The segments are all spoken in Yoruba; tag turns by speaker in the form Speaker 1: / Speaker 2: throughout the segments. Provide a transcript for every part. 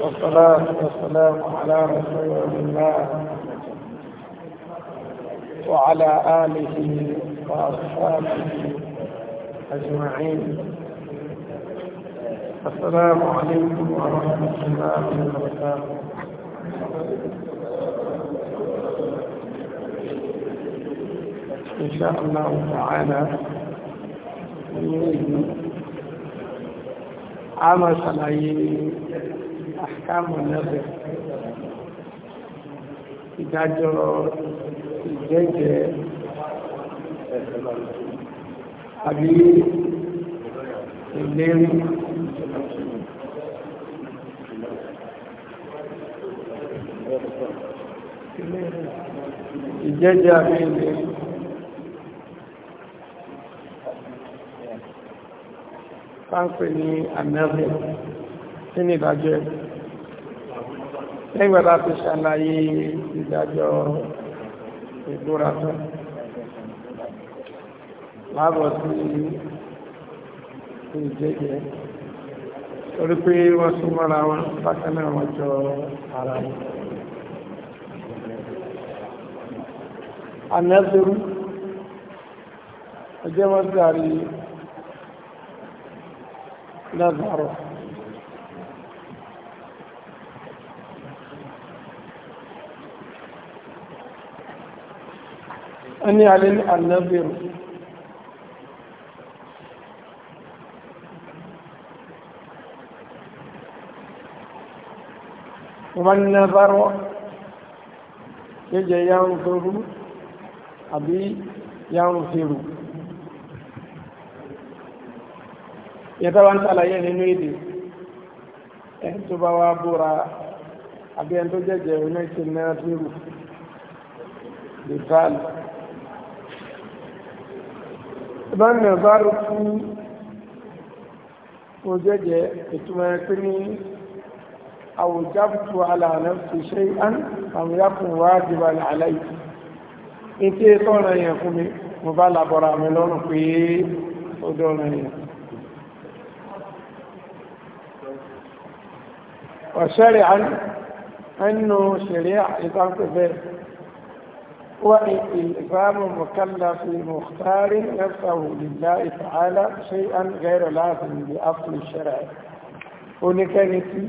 Speaker 1: والصلاة والسلام على رسول الله وعلى آله وأصحابه
Speaker 2: أجمعين السلام عليكم ورحمة الله وبركاته إن شاء الله تعالى
Speaker 1: a máa
Speaker 2: àkámọ̀ lẹ́bẹ̀ ìdájọ́ ìjẹ́jẹ́ àbí ìlérí ìjẹ́jẹ́ àbí ìlérí
Speaker 1: Fáńpẹ̀ ní Amẹ́rin, tí ni ìdájọ́
Speaker 2: ẹ̀kọ́? lẹ́gbẹ̀ẹ́ bá fi
Speaker 1: ṣàlàyé ìdájọ́
Speaker 2: ìgbóra tó láàbọ̀ sí
Speaker 1: ìjẹ́jẹ́ torí pé wọ́n sún mọ́ra wọn bákan náà wọ́n
Speaker 2: jọ ara wọn
Speaker 1: anẹ́sẹ̀rú ọjọ́ mọ́sí àrí lẹ́zàrọ̀ ẹni alẹ́ ní ànábìrù wọ́n ní bárọ̀ kéje yáhùn tó rú àbí yáhùn tó rú yẹtọ́ wa ń sàlàyé nínú èdè ẹni tó bá wá búra àbí ẹni tó jẹ́jẹ́ oníṣẹ́ náà
Speaker 2: tó ṣùgbọ́n ní ọba rò fún
Speaker 1: ojẹ́jẹ́ ìtumọ̀ ẹ̀ pé ní àwòjábùtù alàánà fi ṣe án àmúyàkùn wá jìbà àláyé ní tí èso ọ̀nà yẹn fún mi mo bá làbọ̀rọ̀ àmì lọ́rùn pé ó dọ̀rọ̀ yẹn. ọ̀ṣẹ́rẹ̀ àánú ẹnu ṣẹ̀rí ìtànkùfẹ́ وإلزام مكلف مختار نفسه لله تعالى شيئا غير لازم بأصل الشرع oníkẹ́ni tí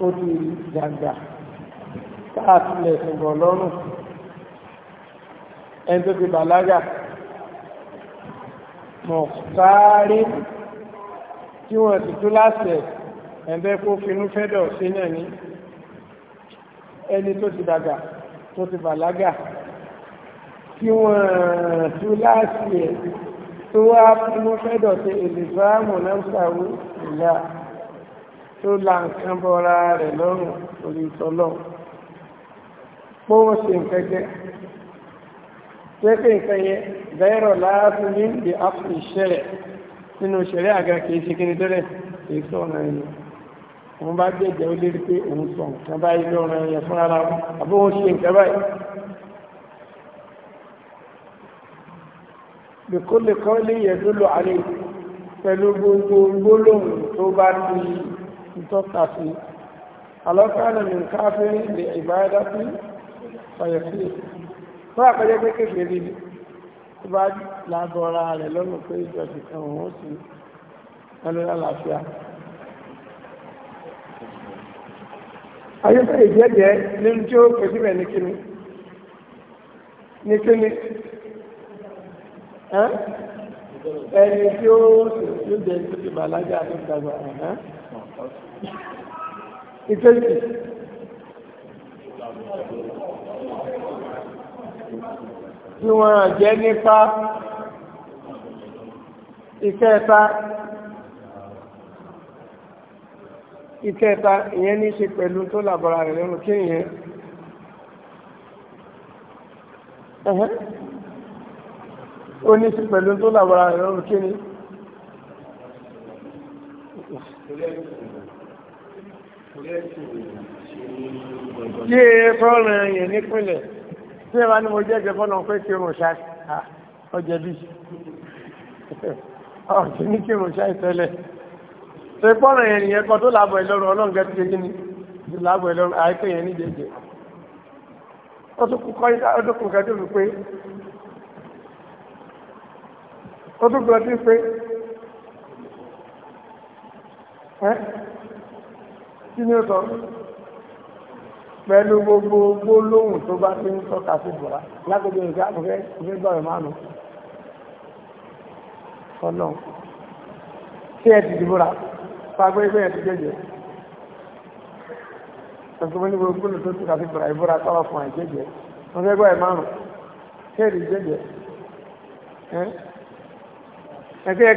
Speaker 1: ó ti dàgbà káàkiri ṣùgbọ́n lọ́rùn ẹni tó ti bàlágà mọ̀kárí tí wọ́n ti tó láṣẹ ẹ̀bẹ́ kó finú fẹ́dọ̀ sí náà ní ẹni tó ti dàgbà tó ti bàlágà tí wọ́n tú láti ẹ̀ tó wá mú fẹ́dọ̀ sí ìlìfàámù lẹ́sàwó ìlà tó la nǹkan bọ́ra rẹ̀ lọ́rùn orí ìtọ́lọ́ pọ́ wọ́n ṣe nǹkan jẹ́ pẹ́pẹ́ nǹkan yẹn bẹ́ẹ̀rọ̀ láàfin ní ìdí àfìṣẹ́rẹ̀ nínú ìṣẹ̀rẹ̀ àga kìí ṣe kí ni tẹ́lẹ̀ kìí sọ̀rọ̀ ẹ̀yìn òun bá gbẹ̀jẹ̀ ó lérí pé òun sọ nǹkan báyìí lọ́rọ̀ ẹ̀yẹ fún ara wọn àbó wọn ṣe nǹkan báyìí. bìkó lè kọ́ lè yẹ tó lọ àlè pẹ̀lú gbogbo gbólóhùn tó bá ti ń tọ́ka sí alọ́kànnà ní káfíń lè ìbáradá sí ọ̀yẹ̀sí fún àpẹjẹ pé kékeré ni tó bá lágọ̀ọ́ra rẹ̀ lọ́nà pé ìjọsìn kan òun ó sì wọn lọ́lá ayọ́fẹ́ ìjẹ́jẹ́ nínú tí ó pèsè rẹ̀ ní kíni ní kíni ẹni tí ó yóò jẹ́ tó ti bàlágà tó dàgbà àná
Speaker 2: ìkejì tí wọ́n jẹ́ nípa ìkẹta
Speaker 1: ìkẹta ìyẹn ní í ṣe pẹ̀lú tó làbọ̀ra rẹ̀ lẹ́nu kí ìyẹn ó ní í ṣe pẹ̀lú tó làbọ̀ra rẹ̀ lẹ́nu kí ni.
Speaker 2: Kí ẹ e, fọ́nrán
Speaker 1: yẹn nípínlẹ̀ tí ẹ bá ní mo jẹ́ ẹ̀jẹ̀ fọ́nà pé kí irun ṣá ọjẹ́ bí ọ̀sẹ̀ ní kí irun ṣá ìtẹ́lẹ̀ ṣe pọ́nrán yẹn nìyẹn kan tó láàbọ̀ ìlọrun ọlọ́run gẹ́gẹ́ ti ṣe kí ni ti láàbọ̀ ìlọrun àìpé yẹn ní jẹjẹ ó tún kú kọ́ ó tún kú kẹ́tù mi pé ó tún gbọ́ sí pé ẹ́ kí ni ó sọ pẹ̀lú gbogbo gbólóhùn tó bá ti ń tọ́ka sí bùrá lágbègbè ìgbà àkùnfẹ́ ìfẹ́ gbọ́rọ̀ márùn-ún ọlọ́run tí ẹ ti dìbò fagbọ́ ẹgbẹ́ yẹn ti jẹ́jẹ́ ẹ̀sùnmọ́ ní gbogbo olùtó tó kàfi bọ̀rọ̀ ìbúra tọ́lọ̀ fún àì jẹ́jẹ́ wọ́n fẹ́ gbọ́ ẹ̀ márùn kéèrè jẹ́jẹ́ ẹgbẹ́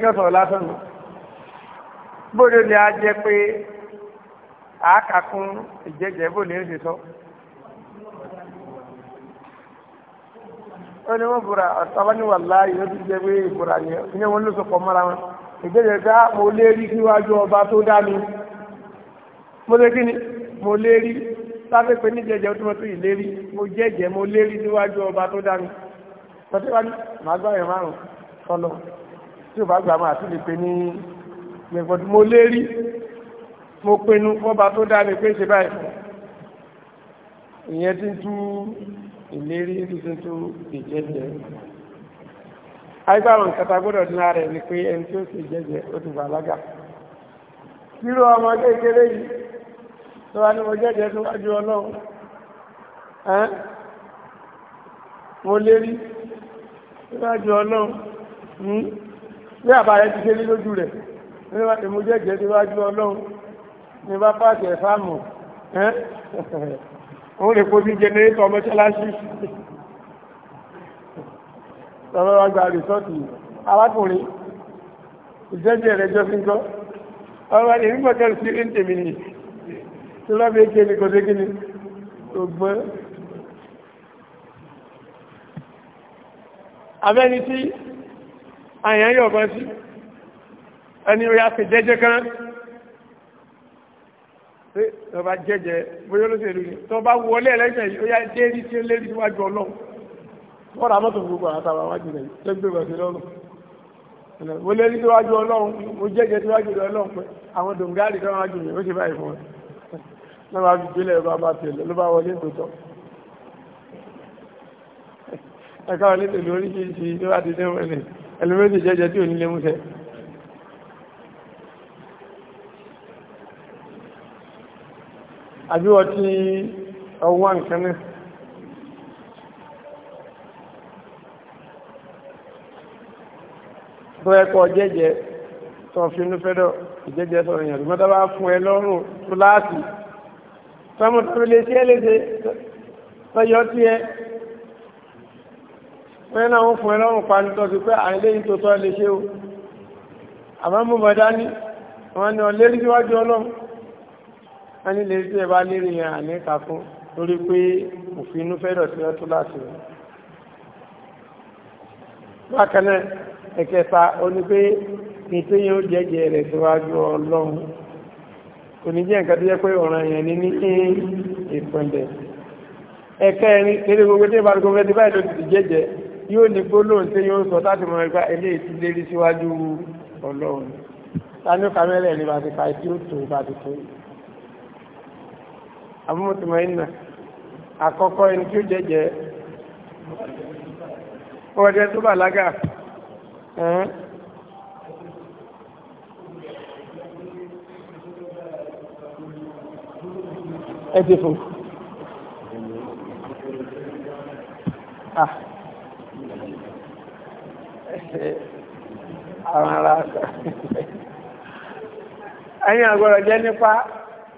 Speaker 1: ni a jẹ́ pé àákàkún ìjẹ́jẹ́ bóde ń ṣe sọ. ó ní wọ́n bùra ọ̀tọ́ wọn ní wàláyé ó ti jẹ́ pé ìbùra yẹn ó wọ́n ló so mọ́ra wọn ìbéèrè pé ah, mo lé rí níwájú ọba tó dá mo lé kí ni mo lé rí sáfẹ́ pé ní jẹjẹ tó tó yìí lé rí mo jẹjẹ mo lé rí níwájú ọba tó dá mi tọ́tí wá ní màá gbá yẹn márùn kọlọ tí ò bá gbà máa tún lè pe ní gbẹ̀gbọ́n mo lé rí mo pinnu fọba tó dá pé ṣe báyìí ìyẹn ti ń tú ìlérí ti ń tú ìjẹjẹ àìgbàwọn kẹta gbọ́dọ̀ dín ara rẹ̀ ni pé ẹni tí ó sì jẹ́jẹ́ ó ti bàlágà rírọ ọmọ kékeré yìí tó wá ní mo jẹ́jẹ́ tó wájú ọlọ́run mo lé rí tó wájú ọlọ́run hmm, bí àbá rẹ̀ ti ṣe rí lójú rẹ̀ ní mo jẹ́jẹ́ tó wájú ọlọ́run ní bá pàṣẹ fáàmù òun lè kó bí jẹnẹrétọ̀ ọmọ ṣáláṣí tọrọ wa gba rìsọ́ọ̀tì arákùnrin ìjẹ́jẹ́ rẹ̀ jọ sí ń kọ́ ọ̀rọ̀ ẹni nígbà kẹrù sí ń tèmi nì tí wọ́n fi ké ní kò sí kíni tó gbọ́. abẹ́ni tí àyàn yọ̀ kan sí ẹni ó yà fi jẹ́jẹ́ kan tó bá jẹ́jẹ́ bóyá olóṣèlú ni tó bá wọlé ẹlẹ́sẹ̀ wọ́n ra mọ́tò gbogbo àtàwọn àwájú rẹ̀ tó gbé bọ̀ sí lọ́rùn mo lé ní tíwájú ọlọ́run mo jẹ́jẹ́ tíwájú ọlọ́run pé àwọn dòǹgárì kan wájú mi ó ṣe báyìí fún ọ ló bá fi gbélé ẹ̀rọ bá tẹ̀lé ló bá wọlé tòótọ́ ẹ̀ka wọlé tẹ̀lé oríṣiríṣi ló bá ti dé wọlé ẹlòmíràn jẹ́jẹ́ tí ò ní lé mú sẹ́ àbí wọ́n ti ọwọ́ nǹkan náà tó ẹkọ jẹjẹ tó fi inú fẹdọ ìjẹjẹ tó yàn lùmọ tó bá fún ẹ lọ́rùn tó láàtì tọmọ tó lè ṣe é léṣe tọyọ tí ẹ wọn náà ń fún ẹ lọ́rùn pani tó ti pé àìléyìn tó tọ́ lè ṣe o àmọ́ mú bọ dání wọn ni ọlẹ́rí síwájú ọlọ́run wọn ní lè ṣe ẹ bá lérí yẹn àní kàkún lórí pé òfin inú fẹdọ tí wọn tó láti rẹ bákan náà ẹ̀kẹta onígbé ní tó yẹn ó jẹjẹ rẹ̀ síwájú ọlọ́run kò ní jẹ́ nǹkan tó yẹ pé ọ̀ràn yẹn ní ní ìpínlẹ̀ ẹ̀kẹrin kéré gbogbo tí ìbára gbogbo ẹni báyìí ló ti jẹjẹ yóò ní gbólóhùn tí yóò sọ láti mọ ẹgbẹ́ eléyìí ti lérí síwájú ọlọ́run tani kàmẹ́rẹ́ ní bàtí ká tí ó tó bàtí tó yìí àbúmọ̀tìmọ̀ iná àkọ́kọ́ ẹni tí ó jẹjẹ
Speaker 2: ọ̀dẹ tó bàlágà ẹ ti fún
Speaker 1: àwọn ará ẹ̀yìn àgbọ̀rọ̀ jẹ́ nípa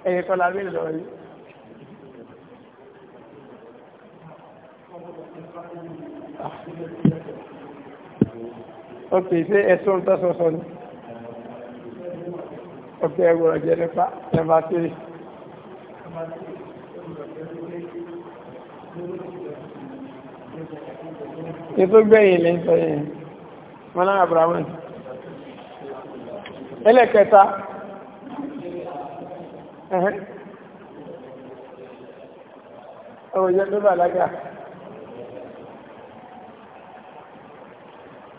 Speaker 1: ẹ̀yìn kọlá bí lọ rí
Speaker 2: Thank you ok ṣé ẹ̀sùn tó sọ́sọ́ ni ok
Speaker 1: ẹgbọ̀rọ̀ jẹ́ nípa ẹ̀mà tírì
Speaker 2: ètò gbẹ̀yìn lè ń sọ
Speaker 1: yẹn mọ́nà abrahaman ẹlẹ́kẹta ọ̀rọ̀ jẹ́ tó bàlágà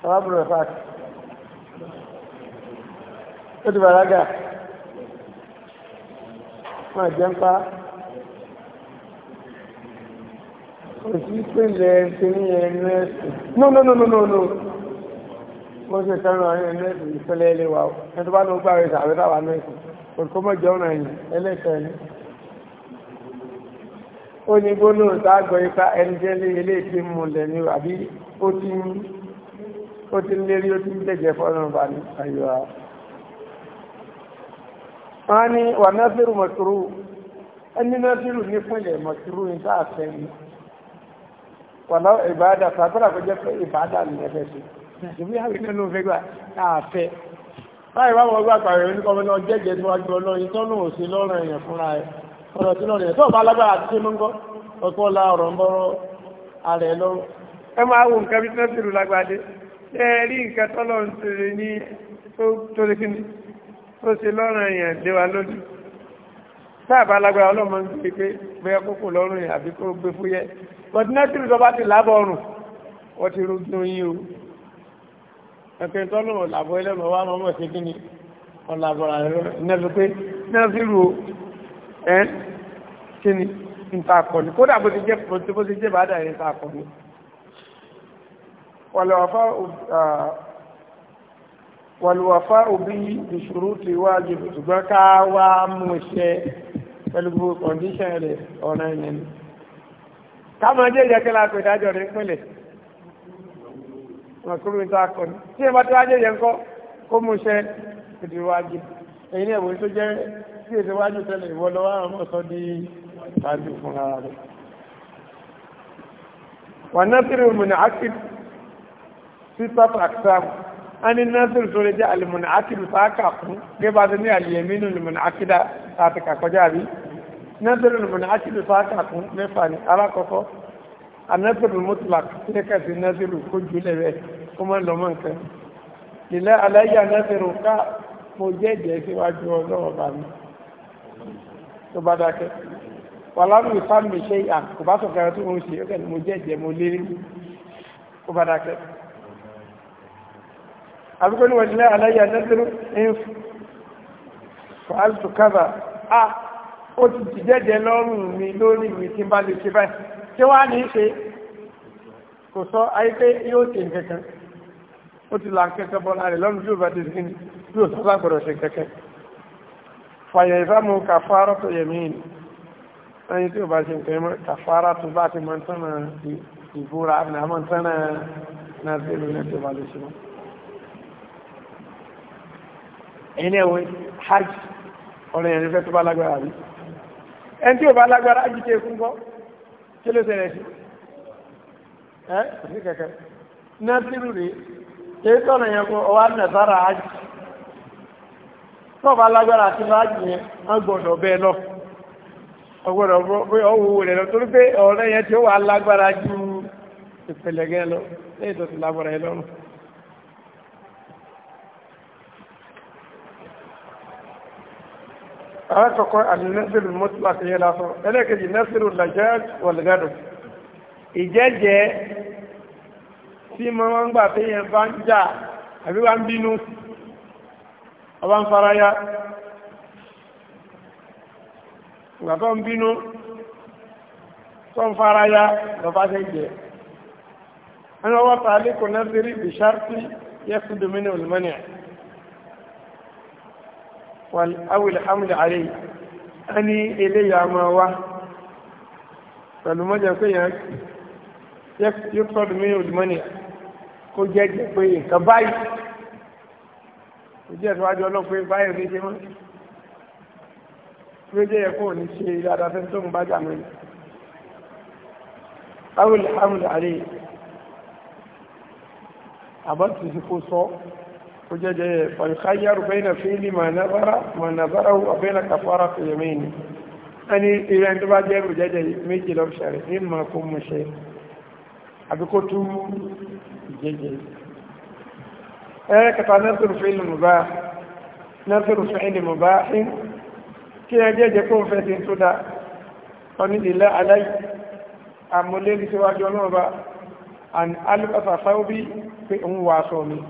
Speaker 1: sàwábù rẹ̀ fàákì ó ti bàlágà máa jẹ́ ń pa òsì pínlẹ̀ kìíní ẹnu ẹ̀sìn no no no no no no mo ṣe kẹrin àwọn ẹnu ẹ̀sìn ìpínlẹ̀ ilé wa ẹni tó bá lọ gbà rẹ̀ táwa náà ẹ̀sìn òkúmọ̀jọ ọ̀nà ẹ̀yìn ẹlẹ́kẹ̀ẹ́ni ó ní gbóná ìta àgbọ̀ ipa ẹni jẹ́ ilé ìpín múlẹ̀ ni àbí ó ti ń ó ti lérí ó ti ń jẹ́jẹ́ fọ́nà bá ní àyíwá wọ́n ní wà násírù mọ̀sírù ẹni násírù ní fúnlẹ̀ mọ̀sírù ní tá àfẹ́ ni wàlọ́ ìbáadà sàbúrà kò jẹ́ pé ìbáadà ní ẹfẹ́ sí ìbí àwọn ìpínlẹ̀ ló fẹ́ gbà àfẹ́ báyìí wà wọ́n gbà pàrọ̀ oníkọ́mọ́ náà jẹ́jẹ́ tí wọ́n gbọ́ lọ ìtọ́nù òsì lọ́rùn èèyàn fúnra ẹ̀ ọ̀rọ̀ sí lọ́rùn ẹ̀ tó bá lágbára àti sínú ńkọ́ ọ̀pọ̀ la ọ̀rọ̀ ń bọ́rọ̀ ààrẹ lọ́rùn ẹ lágbàdé ẹ̀rí nǹkan tọ́lọ̀ ń tèrè ní tó lè kíni ó ṣe lọ́rùn èèyàn lé wa lójú sáàbà alágbára ọlọ́mọ ń gbé pé bẹ́ẹ̀ kókò lọ́rùn yẹn àbí kó gbé fúyẹ́ bọ̀dínátìrì tó bá ti lábọ̀ ọrùn wọ́n ti rúgbìn yín o ẹ̀pẹ́ tọ́lọ̀ làbọ̀ ẹlẹ́mọ̀ wa máa mọ̀ sí kíni ọ̀làbọ̀rà rẹ̀ nẹ́fi pé nẹ́fìrù o ẹ́ kíni ń ta akọni kódà bó ti jẹ́ bó ti jẹ́ bàdà yẹn ń
Speaker 2: wàlúwàfá
Speaker 1: òbí ìṣòro ti wájú ṣùgbọ́n ká wá mú iṣẹ́ pẹ̀lú kọ̀ǹdíṣàn rẹ̀ ọ̀nà ìyẹn ni. ká máa jẹ́ ìjẹ́kẹ́ la pè dájọ́ rẹ̀ pínlẹ̀ ọ̀kúrú ìta akọni tí ẹ bá tí wá jẹ́ yẹn kọ́ kó mú iṣẹ́ ìdíwájú èyí ní ẹ̀wọ̀n tó jẹ́ sí èdè wájú tẹ́lẹ̀ ìwọ lọ́wọ́ àwọn ọmọ di ṣáájú fún rẹ̀ wà náà tí rèé mùnà ákìtì sitatu aksam ani nasir sori jẹ́ alimuna akidu ta kà fún gẹ́gbà tó ní aliyeminu alimuna akida ta ti kà kọjá bí nasir alimuna akidu ta kà fún mẹ́fà ni alákọ̀ọ́kọ́ anasiru mutlak ṣe kẹsì nasiru kó julẹ̀ bẹ́ẹ̀ kó má lọ́mọ nǹkan ìlẹ́ aláyé anasiru ká mo jẹ́ ìjẹ́ síwájú ọlọ́wọ́ bá mi
Speaker 2: tó bá dákẹ́ wàlámù
Speaker 1: ìfàmì ṣe à kò bá sọ̀kẹ́rẹ́ tó ń ṣe mo jẹ́ ìjẹ́ mo lérí kó bá dákẹ́ àbíkó ní wọ̀dílẹ̀ aláyà nẹ́sẹ̀rú in fàáltù kábà a ó ti ti jẹ́jẹ́ lọ́rùn mi lórí mi tí bá lè ṣe báyìí tí wàá ní í ṣe kò sọ ayé pé yóò ṣe nǹkankan ó ti là ń kẹ́kẹ́ bọ́ láàrin lọ́rùn tí ó bá ti sí ni tí ó sọ́sà gbọ́dọ̀ ṣe kẹ́kẹ́ fàyè ìfàmù kàfárọ́ tó yẹ̀mí ni ẹni tí ó bá ṣe nǹkan mọ́ tó bá ti mọ̀ ń tán náà ìbúra àbìnà mọ̀ ń tán náà náà ẹ̀yìn ẹ̀wọ̀n hajj ọ̀rọ̀ ẹ̀rin tó bá lágbára rí ẹni tí ò bá lágbára hajj fún bọ́ tí ló ṣẹlẹ̀ sí ẹ́ kò sí kẹ̀kẹ́ nọ́ọ̀tìrù rèé tẹ́ tọ́nà yẹn kó hajj tó bá lágbára hajj yẹn gbọ́dọ̀ bẹ́ẹ̀ lọ ọgbọ́dọ̀ ọwọ́ rẹ̀ lọ torí pé ọ̀rẹ́ yẹn tí ó wà lágbára ju ìpẹ̀lẹ̀gẹ́ lọ lẹ́yìn tó ti lágbára yẹn lọ́rùn alákọ̀ọ́kọ́ àdínẹ́sìrì mọ́tílá ti yẹ lásán ẹlẹ́kẹ̀ẹ́jì nẹ́sìrì lajaj wọ̀lẹ́gàdù ìjẹ́jẹ́ tí máa ń gbà tí yẹn bá ń jà àbí wá ń bínú ọba ń faraya ìgbà tó ń bínú tó ń faraya lọ́ba ṣe jẹ ẹni ọwọ́ tààlé kò nẹ́sìrì bìṣàrtì yẹ́sùn domínì olùmọ́nìyàn awìlẹ̀ hamlẹ̀ àrẹ a ní eléyà máa wá pẹ̀lú mọ́jọ pé yẹn yóò tọ́dù mí olùmọ́ni kó jẹ́ jẹ́ pé nǹkan báyìí ojú ẹ̀tọ́ wájú ọlọ́pẹ́ báyìí rí ṣe mọ́ tí ó jẹ́ yẹ kó ní ṣe dáadáa fẹ́ tó ń bá jà mọ́ ni awìlẹ̀ hamlẹ̀ kó sọ وجد فيخير بين فعل ما نظر ما نظره وبين كفارة يمينه أني إذا أنت بعد يبرو جد ميجي لو شارع إما كم مشي أبكتو جد أنا كتا نظر فعل مباح نظر فعل مباح كي أجد يكون فاتن سودا أني لله علي أمولي سواجه نوبا أن ألبس ثوبي في أم واسومي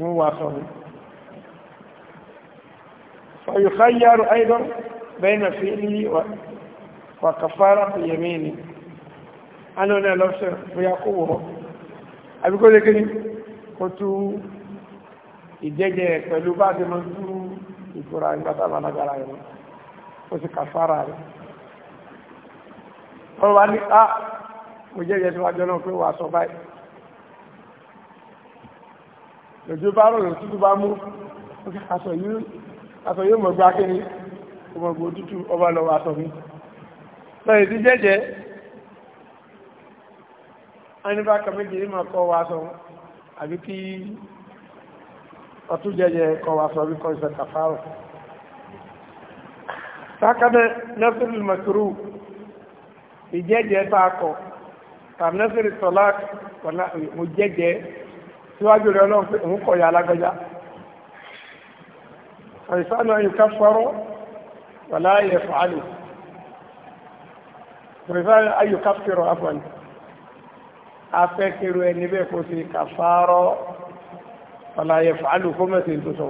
Speaker 1: wọ́n wà sọ́nù fàyùkáyàrù aidan bẹ́ẹ̀nà fi ní wà kàfàrà fìyẹ̀mí ni a lọ náà lọ́sẹ̀ ìjẹ́jẹ́ pẹ̀lú bá ti mọ́ tú ìfúra ìgbàtàbà lágbára rẹ̀ ó sì kàfàrà rẹ̀ ní ah, jẹ́jẹ́ tí náà pé wà sọ báyìí lòdì bá rọrùn tútù bá mú aṣọ yóò mọ̀ gbá kíni ọmọ ògbò tútù ọba lọ aṣọ mi lọ́yẹ̀ tí jẹ́jẹ́ ẹnibá kàmíjì ní ma kọ́ wa aṣọ àbí kí ọtún jẹ́jẹ́ kọ́ wa aṣọ àbí kọ́ ìṣẹ́ kàfàrọ̀ sákàdẹ̀ nẹ́sìrì mẹ́kúrú ìjẹ́jẹ́ tá a kọ̀ tàbí nẹ́sìrì tọ́lá mo jẹ́jẹ́ síwájú rẹ̀ ọlọ́run pé òun kọ̀yà alágbẹ́já àìsàn náà yìí ká fọ́rọ́ wà láàyè fàálù àìsàn ayò ká fẹ́rọ̀ afọ́nì afẹ́kẹ̀rọ ẹni bẹ́ẹ̀ kó sí ká fọ́rọ́ wà láàyè fàálù kó mẹ́sì tó sọ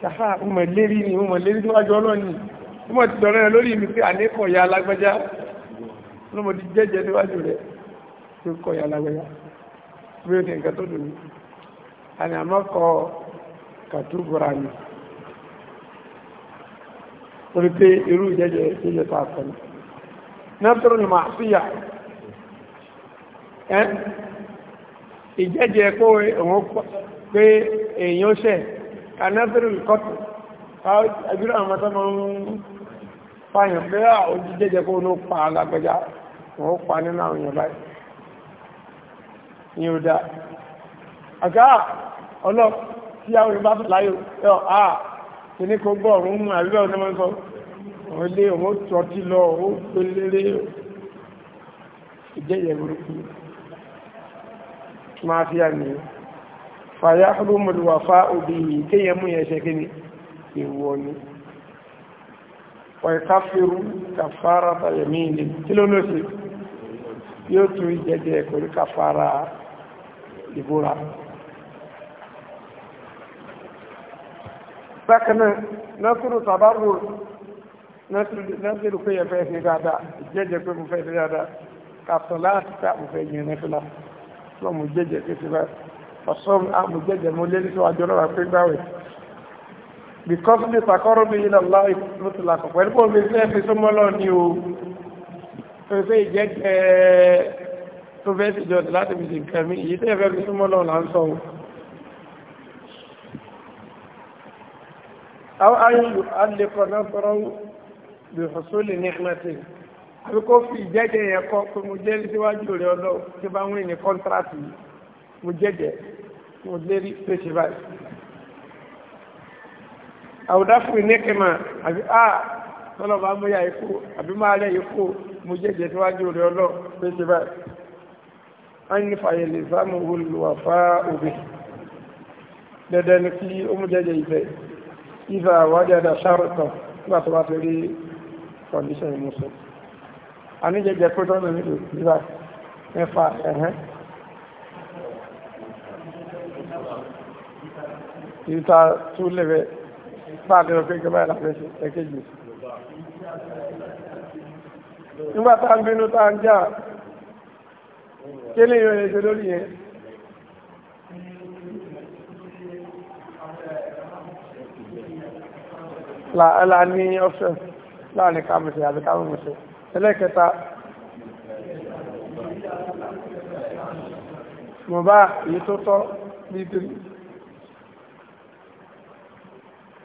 Speaker 1: kàfà ọmọ lérí ni ọmọ lérí síwájú ọlọ́run ni ọmọ ti dọ̀rẹ́ lórí mi pé àníkọ̀yà alágbẹ́já ọlọ́mọdé jẹ́jẹ́ síwájú rẹ̀ tó kọ̀yà alágbẹ́já bí ó nǹkan tó dùn ní àni àmọ́kọ kàtúbùrà ni orí pé irú ìjẹ́jẹ́ ìjẹ́jẹ́ tó àkọ́ ni nátọ́rọ̀ ni màá síyà ẹ́ ìjẹ́jẹ́ kó òun pé èèyàn ṣẹ̀ kanátọ́rọ̀ kọ́tù àbúrò àwọn tó máa ń fàyàn pé àwọn jíjẹ́jẹ́ kó òun pa alágbẹ́já òun pa nínú àwọn èèyàn báyìí ní ó dá àgá ọlọ́ tí àwọn ìbá tó láyé ẹ̀ à kí ní kó gbọ́ ọ̀run mú àríwá ọ̀nà máa ń sọ ọ̀run lé òun tọ́ tí lọ ó péléré ìjẹ́ ìyẹ̀ burúkú máa fi ni ìwọ ni ọ̀ẹ̀káfíru kàfàrà tàyẹ̀mí ilé kí ló ló ṣe yóò tún ìjẹ́jẹ́ pẹ̀lú kàfàrà ìbúra bákanáà násìrò tàbárò násìrò pé ẹ̀fẹ́ ṣe dáadáa ìjẹ́jẹ́ pé mo fẹ́ ṣe dáadáa kàtọ̀ láti ká mo fẹ́ yìn nífìlà tó mo jẹ́jẹ́ pé ṣe báyìí ọ̀sán mo jẹ́jẹ́ mo lé nítorí àjọ náà pé gbáwẹ̀ because mi sàkọ́rọ̀ mi ilẹ̀ ọ̀la ìmúṣùlá kọ̀ pẹ̀lú kò mi fẹ́ fi súnmọ́ lọ tó fẹ́ sí jọ láti fi sí nǹkan mi èyí tẹ́ fẹ́ fi súnmọ́ lọ́wọ́ là ń sọ ohun àwọn ayélu alẹ́kọ̀ọ́ náà tọrọ bí ọ̀sọ́lẹ̀ ní ẹ̀mẹ́tì àbí kó fi ìjẹ́jẹ́ yẹn kọ́ pé mo jẹ́rìí síwájú rẹ̀ ọlọ́ tí bá wọ́n ní kọ́ńtrátì mo jẹ́jẹ́ mo lérí pé ṣe báyìí àwùdá fún ìnẹ́kẹ̀mà àbí a tọ́lọ̀ bá mú yà ikú àbí máa rẹ̀ ikú mo jẹ́jẹ́ síwájú rẹ̀ ọlọ́ pé ṣe báyìí an fayalizamuhu alwafa'u bihi dandan ni kí ó mú jẹ́jẹ́ ìfẹ́ ìfẹ́ wajada shartan nígbà tó bá ti rí condition ìmúṣọ àníjẹjẹ pé tọ́nà nílò ìgbà mẹ́fà ẹ̀hẹ́ ìta tún lẹ́fẹ́ bá àti ọ̀pẹ́ ìjọba ìlàfẹ́sẹ̀ ẹ̀kẹ́jì
Speaker 2: nígbà tá ń bínú tá ń jà kílé yóò lè ṣe lórí yẹn la
Speaker 1: ní ọ́fẹ́ láàrin kàmùsẹ̀ àti kàmùsẹ̀ ẹlẹ́kẹta mo bá èyí tó tọ́ nítorí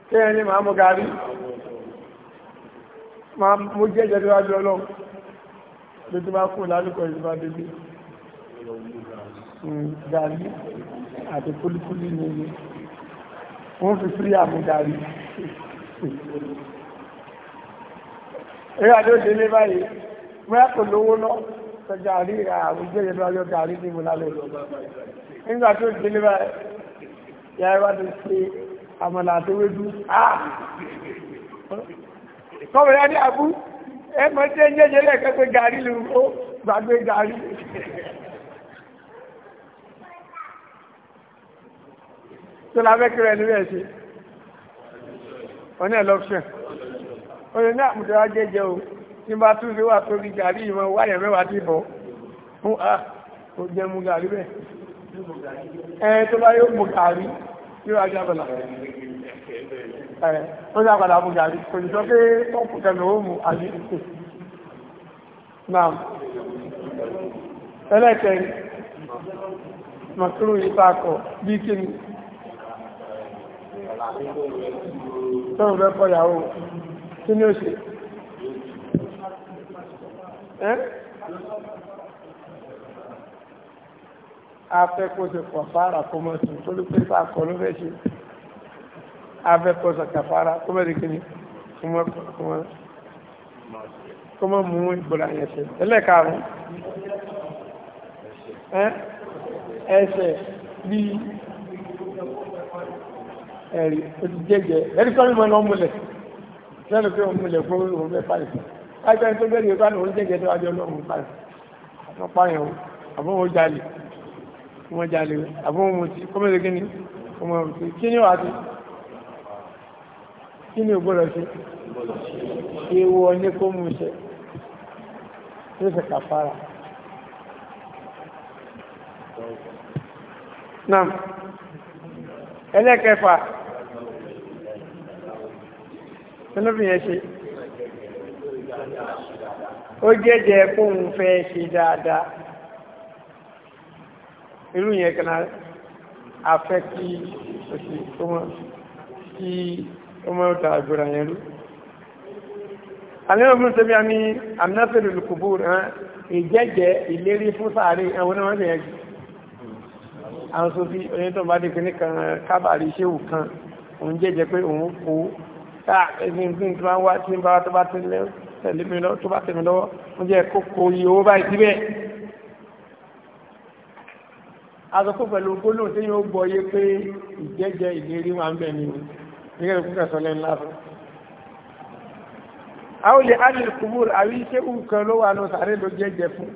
Speaker 1: kí ẹni máa mú garí máa mú jẹ́jẹ́ tó wájú ọlọ́run ló ti bá kú lálùkọ̀ ìjọba débi Hmm, gàrí àti kúlíkúlí ní ilé wọ́n fi fírí àmú gàrí
Speaker 2: ẹ̀yà tó délé
Speaker 1: báyìí mẹ́rẹ́ kò lówó lọ tọ́jà rí ra àwọn ìgbẹ́jẹ́ tó wájọ́ gàrí ní ìmú lálẹ́ nígbà tó délé báyìí yàrá wá ti ṣe àmàlà àti wédú kọ́bẹ̀rẹ́ ní àbú ẹ mọ̀ tí ẹ jẹ́jẹ́ lẹ́ẹ̀kẹ́ pé lù ó gbàgbé gàrí tó la fẹ́ kíra ẹni bẹ́ẹ̀ ṣe oní ẹlọ́pṣẹ̀ oní ní àmùtẹ́ wa jẹ́jẹ́ o tí bá tún fi wà tóbi gàrí ìmọ̀ wáyà mẹ́wàá ti bọ̀ fún a ah, kò jẹ́ mu gàrí bẹ́ẹ̀ ẹ tó bá yóò mu gàrí yóò ajá bọ̀là ẹ ó dá padà mu gàrí kò ní sọ pé ọ̀pù kẹmẹ̀ ó mu àbí ìpè náà ẹlẹ́kẹ̀ẹ́ màkúrò yìí bí kí ni
Speaker 2: tóun fẹ́ kọ́ ìyàwó kí ni ó ṣe
Speaker 1: afẹ́kọ́sẹ̀ kọfàárà kó mọ́ sí tó ló pé bá kọ́ ló fẹ́ ṣe afẹ́kọ́sẹ̀ kọfàárà kó mọ́ dìkì ní kó mọ́ mú ìgbòrò àyẹ̀ ṣe ẹlẹ́kàrún
Speaker 2: ẹsẹ̀ bíi
Speaker 1: ẹ̀rí ó ti jẹ́jẹ́ ẹ̀rí sọ́mi mọ́ náà múlẹ̀ lẹ́nu pé òun múlẹ̀ fún òun bẹ́ẹ̀ pàrìsì láìpẹ́ ní tó bẹ́ẹ̀ nípa ní òun jẹ́jẹ́ tó wájú ọlọ́run pàrìsì àwọn pààyàn o àbọ̀ wọn jalè wọn jalè àbọ̀ wọn mutí kọ́mẹ́lẹ́ kí ni ọmọ mutí kí ni wàá ti kí ni ògbọ́dọ̀ ṣe ewu ọ̀nyẹ́ kó mú iṣẹ́
Speaker 2: yóò ṣe kàfàrà.
Speaker 1: Nam, ẹlẹ́kẹfà sínúbì yẹn ṣe
Speaker 2: ó jẹ́jẹ́ fóun
Speaker 1: fẹ́ ṣe dáadáa irú yẹn kan afẹ́ kí òsì kí ó mọ́ ta àgbòrà yẹn rú àlẹ́wọ̀n fún sẹ́bí àmì àmìnáfẹ́lú lùkùbù rán ìjẹ́jẹ́ ìlérí fún sàárè àwọn oníwọ̀n bẹ̀rẹ̀ jù àwọn sófí onítọ̀bá dìkì ní kan kábàrí ṣéwù kan òun jẹ́jẹ́ pé òun kó ká ah, ẹ̀sìn tí tí máa ń wá tí ń bá wa tó bá tẹ̀lé mi lọ́wọ́ tó bá tẹ̀lé mi lọ́wọ́ mo jẹ́ kókó iye owó báyìí síbẹ̀. azọkó pẹ̀lú gbólóhùn tí yóò gbọ́ yé pé ìjẹ́jẹ́ ìlérí wa ń bẹ̀ ni nígbà tó kúkà sọ lẹ́nu láàfin. àwọn olè alẹ́ kúmúr àbí iṣẹ́ kan ló wà ní sàárè ló jẹ́jẹ́ fún.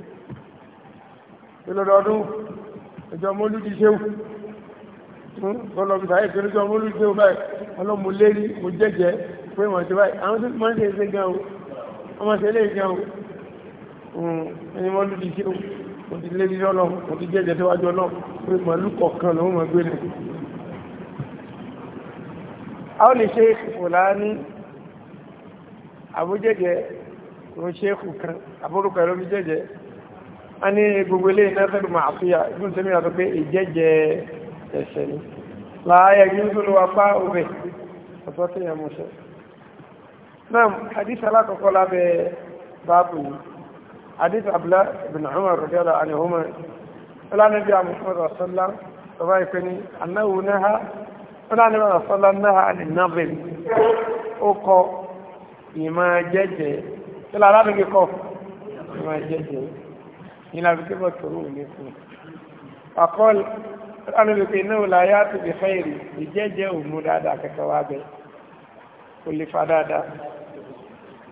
Speaker 1: lọ́dọọdún ìjọ mọ́lúdí ṣéwù. Hmm? ọlọ́run sàáyé kí oníjọ́ mú lùgbé o báyìí ọlọ́run mo lérí mo jẹ́jẹ́ pé wọ́n ti báyìí àwọn tó máa ń ṣe ṣe gan o wọ́n máa ṣe lè gan o hmm, ẹni wọ́n lùdí sí o mo ti lérí lọ́lọ́ mo ti jẹ́jẹ́ síwájú ọlọ́run pé màálù kọ̀ọ̀kan lòun máa gbé ni. àwọn lè ṣe Fúlàní àbújẹ́jẹ́ ló ṣe é kù kan àbúrúkọ ẹ̀rọ mi jẹ́jẹ́ a ní gbogbo eléyìí náà fẹ́ẹ́ ẹ̀ṣẹ̀ ni láàáyẹ̀ yúzùlù apá òbẹ̀ ọ̀tọ́ tí yẹn mọ̀ṣẹ́ náà hadith alákọ̀ọ́kọ́ lábẹ́ báàbù yìí hadith abúlá ibn umar radiyallahu anhuma ọlánàbí àmúfọ́dà ọ̀sọ́lá ọba ìpẹ́ ni anáwó náà ọlánàbí ọ̀sọ́lá náà àni nàbẹ̀ ó kọ ìmọ̀ jẹ́jẹ́ ìlà alábẹ̀gẹ́ kọ ìmọ̀ jẹ́jẹ́ ìlà àbíkẹ́ bọ̀ tòrò fún akọ́lù alùpùpù iná ò láyá tó bí fẹ́ẹ̀rì ìjẹ́jẹ́ òmú dáadáa kẹkẹ wá bẹ kò lè fa dáadáa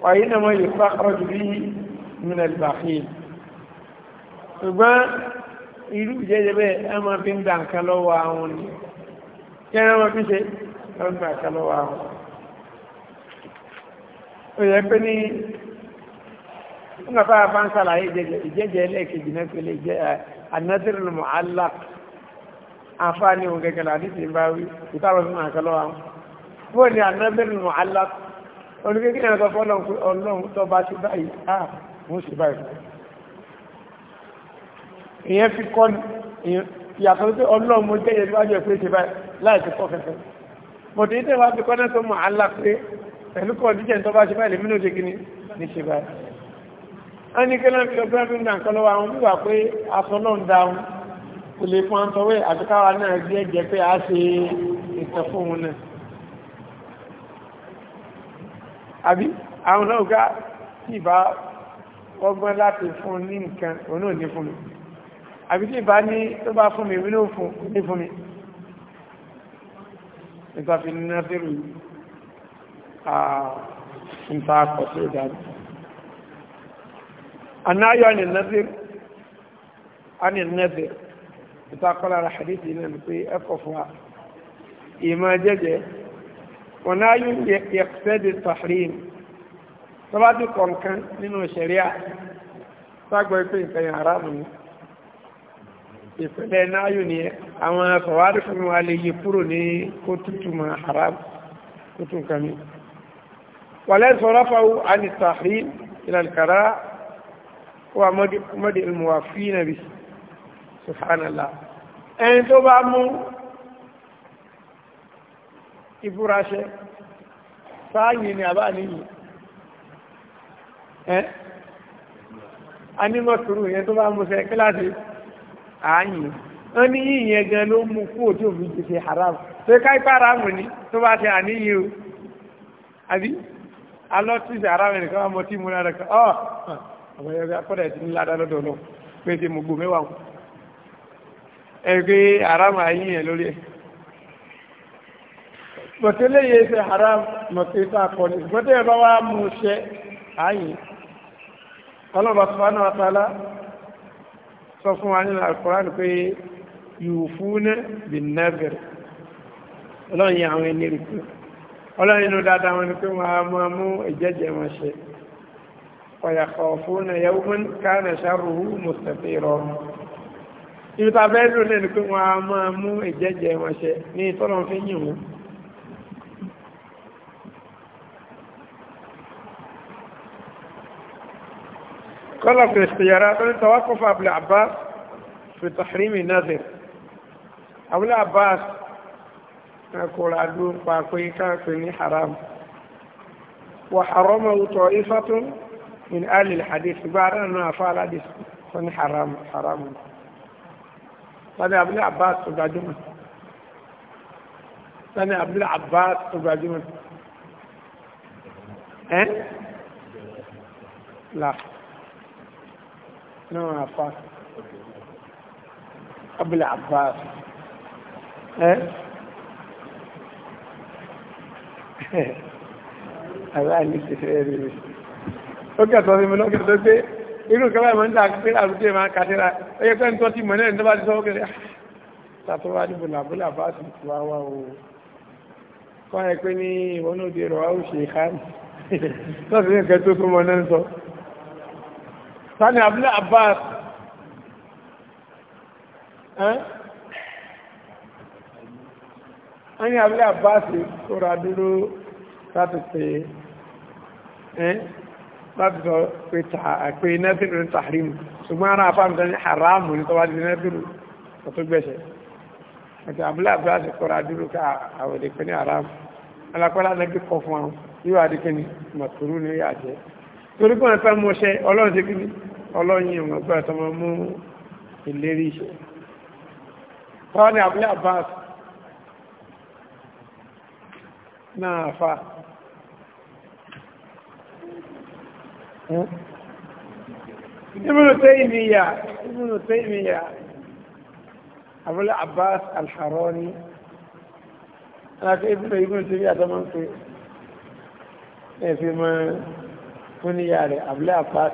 Speaker 1: wàyí náà wọ́n lè fa ọdún bí minal bakhil ṣùgbọ́n irú ìjẹ́jẹ́ bẹ́ẹ̀ ẹ máa fi ń da nǹkan lọ́wọ́ àwọn ni kí ẹ máa fi ṣe lọ́wọ́ nǹkan lọ́wọ́ àwọn ó yẹ pé ní nígbà tá a bá ń ìjẹ́jẹ́ ẹlẹ́ẹ̀kejì náà pé lè jẹ́ eh, anadiri àǹfààní òun gẹ́gẹ́ láti ṣe bá wí ìtàwọn fún àkọ́ lọ́wọ́ àwọn fún ní anábẹ́rù mọ̀ alá oníkékeré ẹ̀rọ fọ́lọ́ ọlọ́run tó bá ti báyìí á mú sí báyìí ìyẹn fi kọ́ ìyàtọ̀ pé ọlọ́run mo jẹ́ ìyẹn wájú ẹ̀pẹ́ ṣe báyìí láì ti kọ́ kẹfẹ́ mo ti tẹ́ wá fi kọ́ náà tó mọ̀ alá pé pẹ̀lú kọ́ kò lè fún àtọwé àtikáwa náà bí ẹ̀jẹ̀ pé a ṣe ìtàn fún òun náà àbí àwọn náà gá tí ìbá ọgbọ́n láti fún ní nǹkan òun náà ní fún mi àbí tí ìbá ní tó bá fún mi ìwé náà fún ní fún mi nígbà fi ní násírù àìǹta àkọsí ìdájú anáyọ̀ ni ìtakọ́lá ara hadith yìí náà pé ẹ̀kọ́ fún wa ìmọ̀ jẹ́jẹ́ wọn náà yóò yẹ̀kẹ́dẹ̀ tahrim tọ́lá ti kọ̀ nǹkan nínú ṣẹ̀ríà ságbọ́ pé nǹkan yẹn aráàlú ni ìpínlẹ̀ náà yóò ní àwọn afọwárí fún wa lè yí kúrò ní kó mọ́ haram kó tún wàlẹ́ sọ̀rọ̀ fáwọn àni tahrim ìlànà wà mọ́dé ìlmùwà fínà bìí subhanallah ẹni tó bá mú ìbúraṣẹ́ sáàyìn ni àbá níyì ẹ́ anímọ̀tòrò yẹn tó bá mú sẹ kíláàsì ààyìn wọ́n ní yíyẹn gan ló mú kú òtí òfin ti ṣe haram tó ká ipá haramu ni tó bá ṣe àníyí o àbí alọ́tí ṣe haramu nìkan wọ́n mọ́ tí mú lára kan ọ́ àwọn ẹgbẹ́ akọ́dà ti ní ládá lọ́dọ̀ pé ṣe mú gbòmẹ́wàá ẹgbẹ́ haram àyíyàn lórí ẹ̀ mọ̀tẹ́lẹ̀ yẹ ṣe haram mọ̀tẹ́lẹ̀ àkọ́ ní gbọ́dọ̀ ẹ̀ bá wá mú ṣẹ́ àyìn ọlọ́ba sọ́nà àtàlá sọ fún wa nínú Al-Qur'an pé yufuna bin nadhr ọlọ́run yẹ àwọn ẹni rí pé ọlọ́run inú dáadáa wọn ni pé wọ́n á máa mú ìjẹ́jẹ́ wọn ṣe wa yakhafuna yawman kana sharruhu mustatira ibi tá a fẹ́ lò lẹ́nu pé wọ́n á máa mú ìjẹ́jẹ́ wọn ṣe ní ìtọ́nà fi yìn wọ́n. kọ́lọ̀ kìrìsìtìyàrá tó ní tawakọ̀ fún abúlé abbas fi tahrimi nazir abúlé abbas kòrò àdó pàpé káàkiri ní haram wà haroma wùtọ̀ ifatun min alil hadith gbára náà fà aládìsí fún haram haram. haram sani abdul abbas tó gbajúmọ̀ sani abdul abbas tó gbajúmọ̀ ẹ́ là náà àfa abdul abbas ẹ́ àbá ní ṣe fẹ́ rí rí ó kẹ́tọ́ sí mi lọ́kẹ́ tó gbé irú kẹfà ìmọ̀ nígbà pé àrùté máa kàtẹ́ra ẹyẹ pẹ́ tó ti mọ̀ náà nígbà tí sọ́wọ́ kẹrẹ tàtọ́wà ní bùlàbùlà bá sì ah, ti wá wá o kọ́ ẹ pé ní ìwọ́n náà di rọ̀ áwùṣe ìkárì lọ́sí nǹkan tó tó mọ̀ náà sọ sani abúlé abbas láti sọ pé nẹ́tìrì ní tàhírìmù ṣùgbọ́n ara àfáàmìta ní haramu ní tọ́wá di nẹ́tìrì ọ̀tún gbẹ̀ṣẹ̀ àti àbúlé àbúlé àti kọ́ra dúró ká àwọn èdè pé ní haramu alákọ́lá lẹ́gbẹ́ kọ́ fún àwọn yóò wá di kí ni màkúrú ní yóò àjẹ́ torí pé wọ́n fẹ́ ọlọ́run ni ọlọ́yin ìwọ̀n
Speaker 2: ẹgbẹ́
Speaker 1: ibùdó tẹ́yìn ìyá ibùdó tẹ́yìn ìyá Abul Abbas al-Harani alákẹ́ ibùdó ibùdó tẹ́yìn àtọ́mọ́ ń pè é fi mọ́ fún níyà rẹ̀ Abul Abbas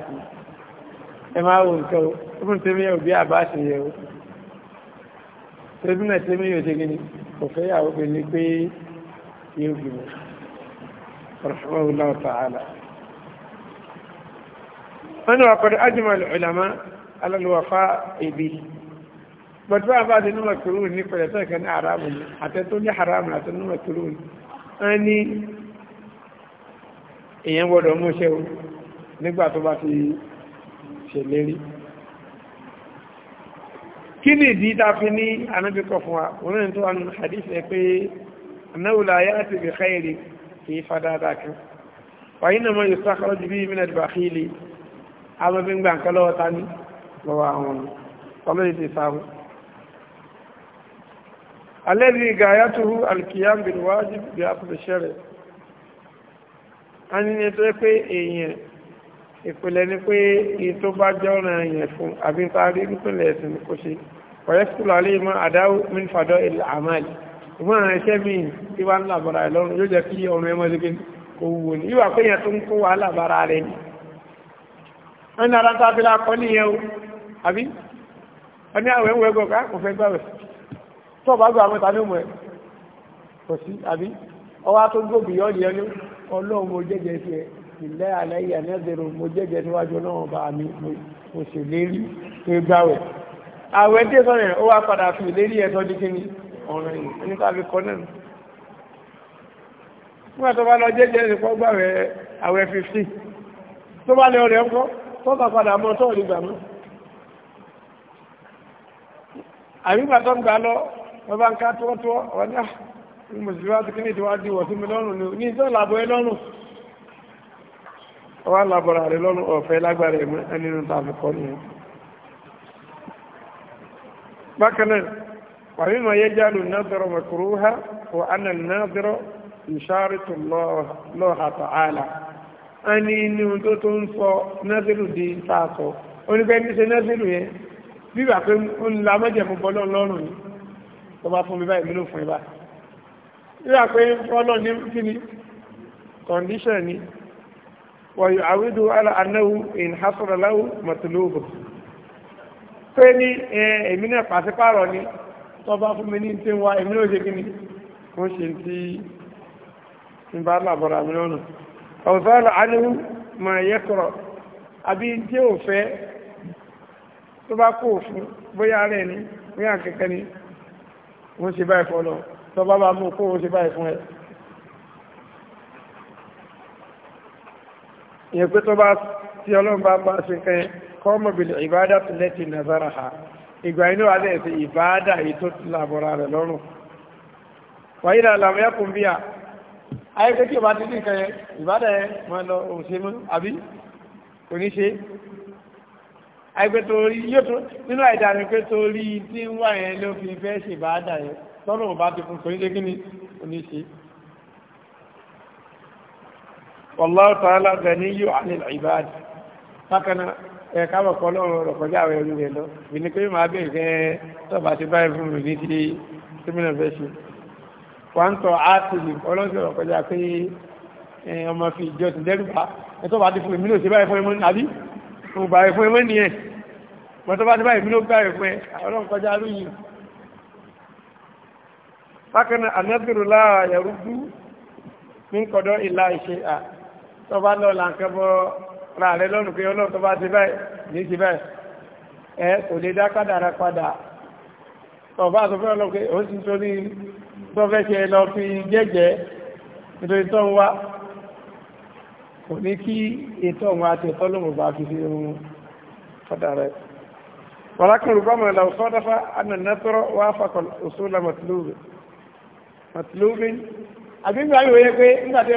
Speaker 1: ẹ máa wò nǹkan o ibùdó tẹ́yìn ìyá òbí Abbas yẹ o tẹ́yìn tẹ́yìn ìyá òtẹ́gẹ́ ni kò fẹ́ yàwó pé ní pé yóò gbìmọ̀ rahmatullahi ta'ala wọ́n ní wà kọ́ ajima ìlàmá alálùwàfá ibi bàtú àbá àti nínú mọ̀kúrú ní pẹ̀lẹ́ tó ìkànnì haramu ni àtẹ́tún ní haramu àti nínú mọ̀kúrú ni wọ́n ní èèyàn gbọ́dọ̀ mú ṣe o nígbà tó bá fi ṣèlérí kí ni ìdí tá a fi ní anábì fún wa wọn tó wọn hadith pé anáwòlá ayé àti ìbí khairi kì í fa dáadáa kan wàyí yóò sákàrọ jù bí mí nà dìbà xìlì àwọn fi ń gbà nǹkan lọ́wọ́ ta ní lọ́wọ́ àwọn ọlọ́yìn ti sáwọ́ alẹ́bí gàyàtúrú alkiyam bin wájib bí a fún ìṣẹ́rẹ̀ a ní ní tó pé èèyàn ìpìlẹ̀ ni pé èyí tó bá jẹ́ ọ̀nà èèyàn fún àbí parí nípìnlẹ̀ ẹ̀sìn kò ṣe ọ̀rẹ́ sùkúlù alẹ́ mọ́ àdáwò min fàdọ́ ilẹ̀ àmàlì ìwọ̀n àwọn iṣẹ́ míì tí wàá ń làbọ̀ra yóò jẹ́ kí ọmọ ẹmọ́ ṣe kó wù ní ìwà pé yẹn tó ń kó wàhálà bára rẹ̀ ni wọ́n ní ara ń tábílá kọ́ níyẹn o àbí wọ́n ní àwẹ̀ ń wẹ̀ gbọ̀ká kò fẹ́ gbàwẹ̀ tó o bá gbọ́ àwọn tàbí mọ̀ ẹ́ kò sí àbí ọwọ́ tó gbòògì yọ ọ́ ní ọlọ́run mo jẹ́jẹ́ sí ẹ ìlẹ́ alẹ́ yìí ànẹ́dẹ̀rọ mo jẹ́jẹ́ níwájú ọlọ́run bá mi mo sì lérí pé gbàwẹ̀ àwẹ̀ dé sọ̀rọ̀ yẹn ó wá padà fi ìlérí ẹ̀ tọ́jú kí ni ọ̀ràn yìí ẹni tàbí kọ́ náà nígbà tó bá lọ jẹ́jẹ́ ìfọ́gbàwẹ̀ àwẹ̀ 15 tó bá lẹ́ ọ̀rẹ́ ńkọ́ tọ́ka padà mọ́ tọ́ ní gbàmọ́ àrígbà tó ń gbà lọ wọ́n bá ń ká tọ́tọ́ ọ̀dá ní mùsùlùmí ah, wá ti kí ní ti wá di wọ̀ sí mi lọ́rùn ni ní ìtọ́ làbọ̀ ẹ lọ́rùn wá làbọ̀rà rẹ lọ́rùn ọ̀fẹ́ lágbára ẹ̀mọ́ ẹni nínú tàbí kọ́ nìyẹn bákan náà wàmí a ní inú tó tó ń sọ nẹ́sìrù di tààsọ onígbẹ́ ní ṣe nẹ́sìrù yẹn bíbà pé ó ń la mọ́jẹ̀ fún bọ́lọ́ lọ́rùn ni tó bá fún mi báyìí mílò fún ibà bíbà pé bọ́lọ́ ní kí ni kọ̀ǹdíṣàn ni wọ́n yóò àwídú ala anáwó in hasraláwó mọ̀tòlóòbò pé ní èmi náà pàṣípàrọ̀ ni tó bá fún mi ní tí ń wá èmi náà ṣe kí ni wọ́n ṣe ti ń bá làbọ̀rọ̀ àmì lọ́nà ọ̀fẹ́lẹ̀ ánìmú ma yẹ kọ̀rọ̀ àbí tí ò fẹ́ tó bá kó fún bóyá rẹ̀ ni bóyá kẹ̀kẹ́ ni wọ́n ṣe báyìí fọ́ lọ tó bá bá mú kó wọ́n ṣe báyìí fún ẹ. ìyẹn pé tó bá tí ọlọ́run bá bá ṣe kẹ́ kọ́mọ̀ bìlẹ̀ ìbádà tó lẹ́tì nàzára ha ìgbà inú wa lẹ́sẹ̀ ìbádà èyí tó ti làbọ̀ra rẹ̀ lọ́rùn wàyí làlàmú yẹ kùn bíyà ayé pé tí o bá ti ní nǹkan yẹn ìbádà yẹn máa lọ òun ṣe mọ́ àbí kò ní ṣe ayé pé torí yóò tó nínú àìdá rẹ pé torí tí ń wà yẹn ló fi fẹ́ ṣe ìbádà yẹn lọ́nà ò bá ti fún kò ní ṣe kí ni kò ní ṣe. Wallahu ta'ala ganiyyu 'anil 'ibad bákan náà ẹ kábọ̀ kọ́ lọ́rùn rẹ̀ kọjá àwọn ẹrú rẹ̀ lọ ìní pé màá bẹ̀rẹ̀ tó fẹ́ ṣe wọ́n tọ́ áàtìlì ọlọ́sọ̀rọ̀ kọjá pé ọmọ fi ìjọ ti dẹ́rùbá ẹ̀tọ́ bá ti fún ìmúlò sí báyìí fún ẹmọ́ àbí mo bàrẹ̀ fún ẹmọ́ nìyẹn mọ́tọ́ bá ti báyìí ìmúlò bàrẹ̀ fún ẹ ọlọ́run kọjá lóyìn bákan náà anẹ́bìrù lára ẹ̀rú dú ní kọ̀dọ̀ ìlà ìṣe à tó bá lọ làǹkẹ́ bọ́ ra rẹ lọ́rùn pé ọlọ́run tó bá ti báyìí ní ti báyìí ẹ kò lè dá tó fẹ́ ṣe lọ fi jẹ́jẹ́ nítorí tó ń wá kò ní kí ètò ọ̀hún àti ẹ̀tọ́ lòun bá fi ṣe ohun fọ́dà rẹ̀ ولكن ربما لو صادف أن النثر وافق الأصول مطلوب مطلوب àbí ìgbà yóò yẹ pé nígbà tí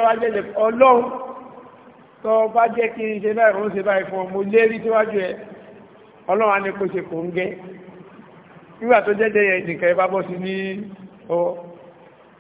Speaker 1: tó jẹ́jẹ́ yẹn nìkan bá bọ́ sí ní ọwọ́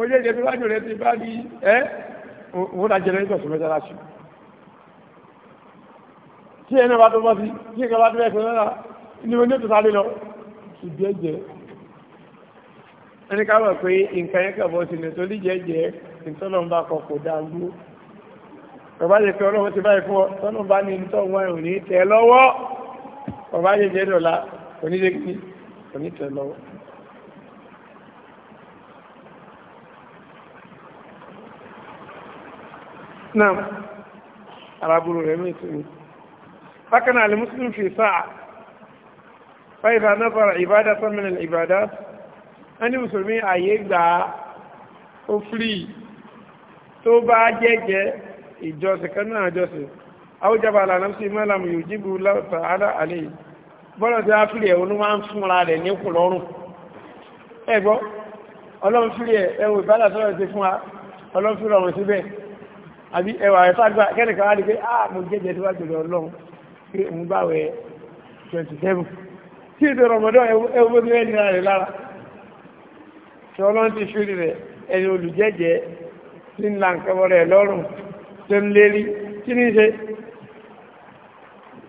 Speaker 1: oye ìdẹ́bí wájú rẹ̀ ti bá ní ẹ́ òun ra jẹnẹrétọ̀ sí mẹ́sàlásì tí ẹni bá tó bọ́ sí tí ẹni bá tó bẹ́ẹ̀ sọ́nà náà ni mo ní ètò sáré lọ ìdí ẹ̀jẹ̀ ẹni ká mọ̀ pé nǹkan yẹn kẹ̀ bọ́ sí ni torí jẹ́jẹ́ ìtọ́lọ́n bá kọ kò dáa gbó bàbá yẹ pé ọlọ́run ti báyìí fún ọ tọ́lọ́n bá ní nítorí wọn ò ní tẹ̀ lọ́wọ́ bàbá yẹ jẹ́ dọ̀la onídẹ́gbẹ́ onítẹ̀ lọ́wọ́. náà arábúrò rẹ̀ mí tún ní bákan náà alimuslim fi sáà fáìdà náà fara ìbádá sọ́mìnà ìbádá wọ́n ní mùsùlùmí àyè gbà ó firi tó bá jẹ́jẹ́ ìjọsìn kan náà jọsìn àwùjábà àlànà sí mọ́làmù yóò jíbu láwùtà àdá àlẹ́ bọ́lá tí a firi ẹ̀wọ̀n ló máa ń fúnra rẹ̀ ní kùlọ́rùn ẹ̀gbọ́ ọlọ́run firi ẹ̀wọ̀n ìbádà sọ́rọ̀ sí fún wa ọlọ́run firi ọ̀rùn síbẹ̀ àbí ẹwà rẹ̀ fàgbà kẹ́nìkan wá ní pé ah mo jẹ́jẹ́ tó wá gbèrè ọlọ́run pé òun bá 27 tí ètò rọmọdán ẹwọ́ bó bẹ́ẹ̀ nira rẹ̀ lára tí ọlọ́run ti fi rẹ̀ ẹni olùjẹ́jẹ́ tí ń la nǹkan wọlé lọ́rùn tó ń lérí kí ní ṣe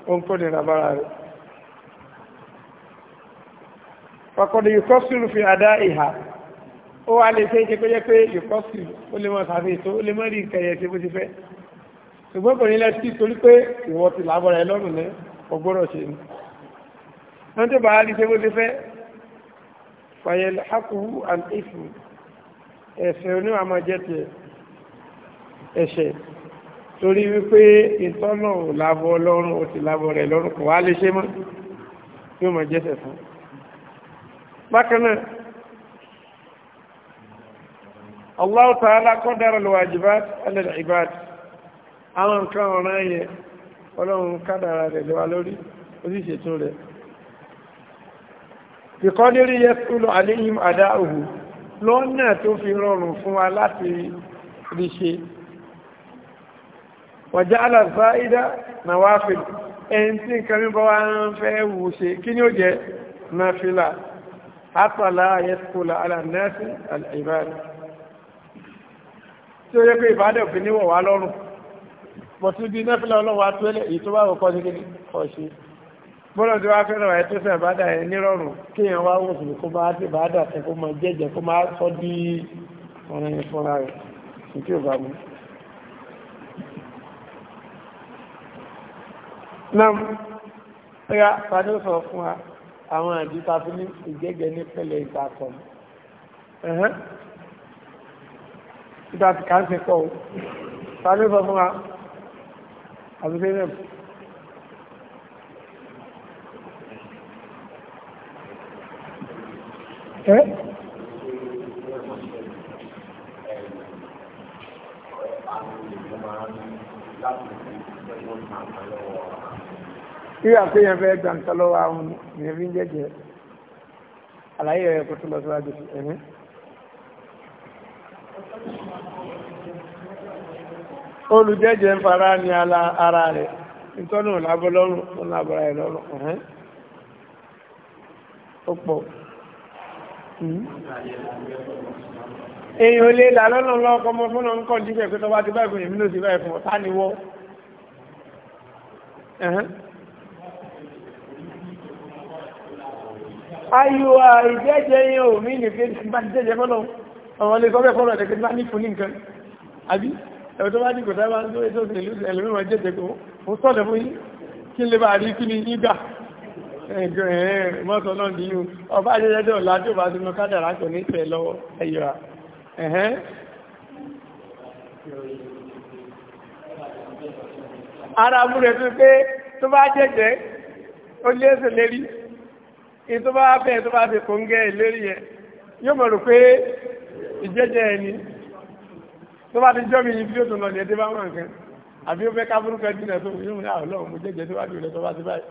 Speaker 1: ó ń kó nira bára rẹ̀ pàkọ́dé yìí kọ́ àdá ìhà ó wá lè ṣe é ṣe péjẹ́ pé ìkọ́sì ó lè mọ̀ sàfihàn ètò ó lè mọ̀ rí nǹkan ẹ̀yẹ ṣe bó ti fẹ́ ṣùgbọ́n kò ní lẹ́sí torí pé ìwọ ti làbọ̀ rẹ̀ lọ́rùn ní ọgbọ́rọ̀ ṣe ni wọ́n tó bá rí ṣe bó ti fẹ́ fàyẹ̀lẹ̀ hakuhu and ifu ẹ̀ṣẹ̀ oníwà máa jẹ́ tiẹ̀ ẹ̀ṣẹ̀ torí wípé ìtọ́nà ò làbọ̀ lọ́rùn ó ti làbọ̀ lọ́rùn kò wá lè ṣe mọ́ yóò máa jẹ́ṣẹ̀ fún bákan náà Allah ta'ala qadara al-wajibat ala al-ibad àwọn nǹkan ọ̀ràn yẹ ọlọ́run kádàrà rẹ̀ lọ́wọ́ lórí oríṣètò rẹ̀ ìkọ́lérí yẹ kúlọ̀ àléyìn àdá òhù lọ́nà tó fi rọrùn fún wa láti rí ṣe wàjá alàzá ìdá na wá fi ẹni tí nǹkan mímọ́ wá ń fẹ́ wù ṣe kí ni ó jẹ́ náà fìlà àtàlà yẹ kúlọ̀ alànàṣì àlàìbáyìí tí ó yẹ pé ìbádẹ́ òfin níwọ̀ wá lọ́rùn pọ̀tù bí nẹ́fìlà ọlọ́run atúlẹ̀ èyí tó bá wọ́n kọ́ sí kíní ọ̀ṣẹ́ bọ́lá tí wàá fẹ́ràn ẹ̀ tó fẹ́ bàdà ẹ̀ nírọ̀rùn kéèyàn wá wò sí kó máa dé bàdà tẹ kó máa jẹ́jẹ́ kó máa sọ bí ọ̀rẹ́ yẹn fúnra rẹ̀ sí tí ò bá mú. náà ẹ̀yà fàdé sọ fún wa àwọn àdìsá fún ìjẹ́jẹ́ ní pẹ̀lẹ́ ìtàkùn títà ti ká ṣe pọ̀ o sáré sọ fún wa
Speaker 2: àti ṣe rẹ̀ ẹ́
Speaker 1: Ìyá pé yẹn fẹ́ gbàǹkan lọ́wọ́ àwọn ìrìn jẹ́jẹ́ àlàyé ẹ̀kọ́ tó lọ síwájú ẹ̀mí. olùjẹ́jẹ́ ń fara ní ara rẹ̀ ìtọ́nù lábọ́ lọ́rùn wọn lábọ́ra ẹ̀ lọ́rùn ọ̀hún ó pọ̀ èèyàn hmm. lè là lọ́nà lọ́kọ́ ọmọ fún ọmọ nǹkan jíjẹ́ pé tọ́wá ti báyìí fún èmi ló ti báyìí fún ọ̀tá ni wọ́ ayùwà ìjẹ́jẹ́ yẹn ò mí nìkan bá jẹ́jẹ́ fọ́nà ọmọ lè sọ bẹ́ẹ̀ fọ́nà ẹ̀dẹ̀kẹ́ bá ní fún ní nǹkan àbí ẹ̀wọ̀n tó bá dìgbò sábà ń tó ìlú ẹ̀lẹ́mìíràn jẹ́jẹ́ kó ó sọ̀dọ̀ fún yín kí n lè bá rí kí ni yín gbà mọ́sán náà nìyí ọba ajẹ́jẹ́jẹ́ ọ̀la tí ó bá ti mọ kádàrá kò ní tẹ̀ lọ́wọ́ ẹ̀yọ́
Speaker 2: ara múrẹ̀ tó pé
Speaker 1: tó bá jẹ́jẹ́ ó léèsè lérí in tó bá bẹ́ẹ̀ tó bá ti kò ń gẹ́ ìlérí yẹn yóò mọ̀ pé ìjẹ́jẹ́ ẹni tó bá ti jọ́ mi yìí bí ó tún lọ jẹ́ dé bá wọn kan àbí ó fẹ́ kábúrú kan jìnà tó yóò ní àwọn ah, ọlọ́run mo jẹ́jẹ́ síwájú rẹ̀ tó bá ti báyìí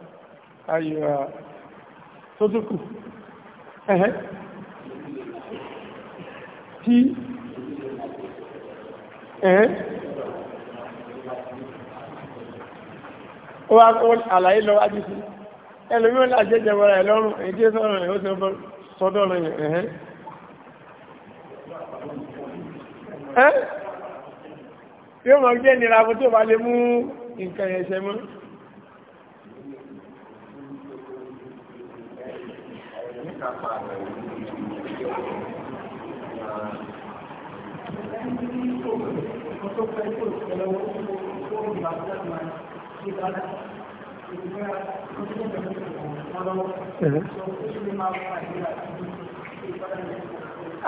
Speaker 1: ayò ah,
Speaker 2: tó tún kù tí
Speaker 1: ó wá kó àlàyé lọ wájú sí ẹlòmí ó jẹ́jẹ́ wọ́ra ẹ̀ lọ́rùn èyí tí ó sọ̀rọ̀ ẹ̀ ó ti sọdọ̀ rẹ̀ yóò máa gbé ìnira fún tó bá lè mú nǹkan yẹn ṣe mọ́.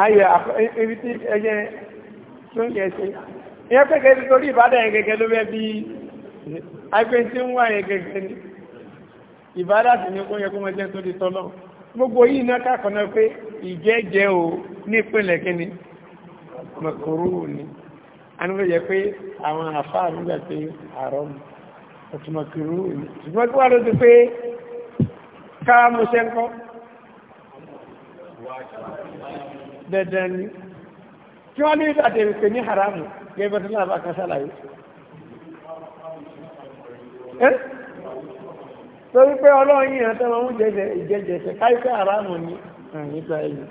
Speaker 1: Ayé ibi tí ẹjẹ́ tó ń yẹ ṣe ìyẹn pé kẹ́kẹ́ torí ìbádà yẹn gẹ́gẹ́ ló fẹ́ bí àìpé tí ń wà yẹn gẹ́gẹ́ ni ìbádà sì ni kó yẹ kó tó di tọ́lọ́ gbogbo yìí náà kàkọ́ náà pé ìjẹ́jẹ́ o ní ìpínlẹ̀ kínní ni a ní ló yẹ pé àwọn àfáà nígbà ni ṣùgbọ́n kí wàá ló ti pé ká mo ṣe wọ́n ní ìdàdé ìpè ní haramu gẹ́gẹ́ tó láàbá kan ṣàlàyé torí pé ọlọ́run yìí rántẹ́ wọn ń jẹjẹ ìjẹjẹsẹ̀ káyíká àrámù ní nípa ẹ̀yìn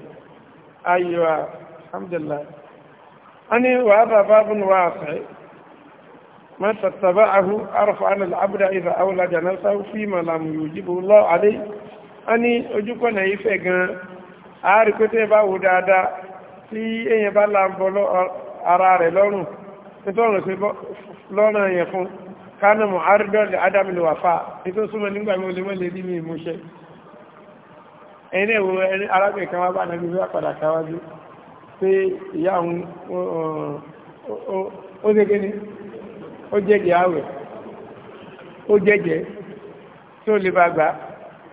Speaker 1: ayò alhamdulillah a ní wàá bàbá bùn wà fẹ́ ما تتبعه عرف أن العبد إذا أولى جنسه فيما لم يوجبه الله عليه أني أجوكو نايفة gan àárìkótẹ́ bá wù dáadáa tí èèyàn bá làǹbọ̀ ara rẹ̀ lọ́rùn nítorùn sí lọ́nà yẹn fún kánàmù àrídọ́lẹ̀ adámìlúwàfà nítorí súnmọ́ nígbà mọ́lẹ́mọ́lẹ́ ní ìmúṣẹ́ ẹni ẹ̀wọ̀ ẹni arábìnrin ní ó jẹ́jẹ́ àwẹ̀ ó jẹ́jẹ́ tí bá gbà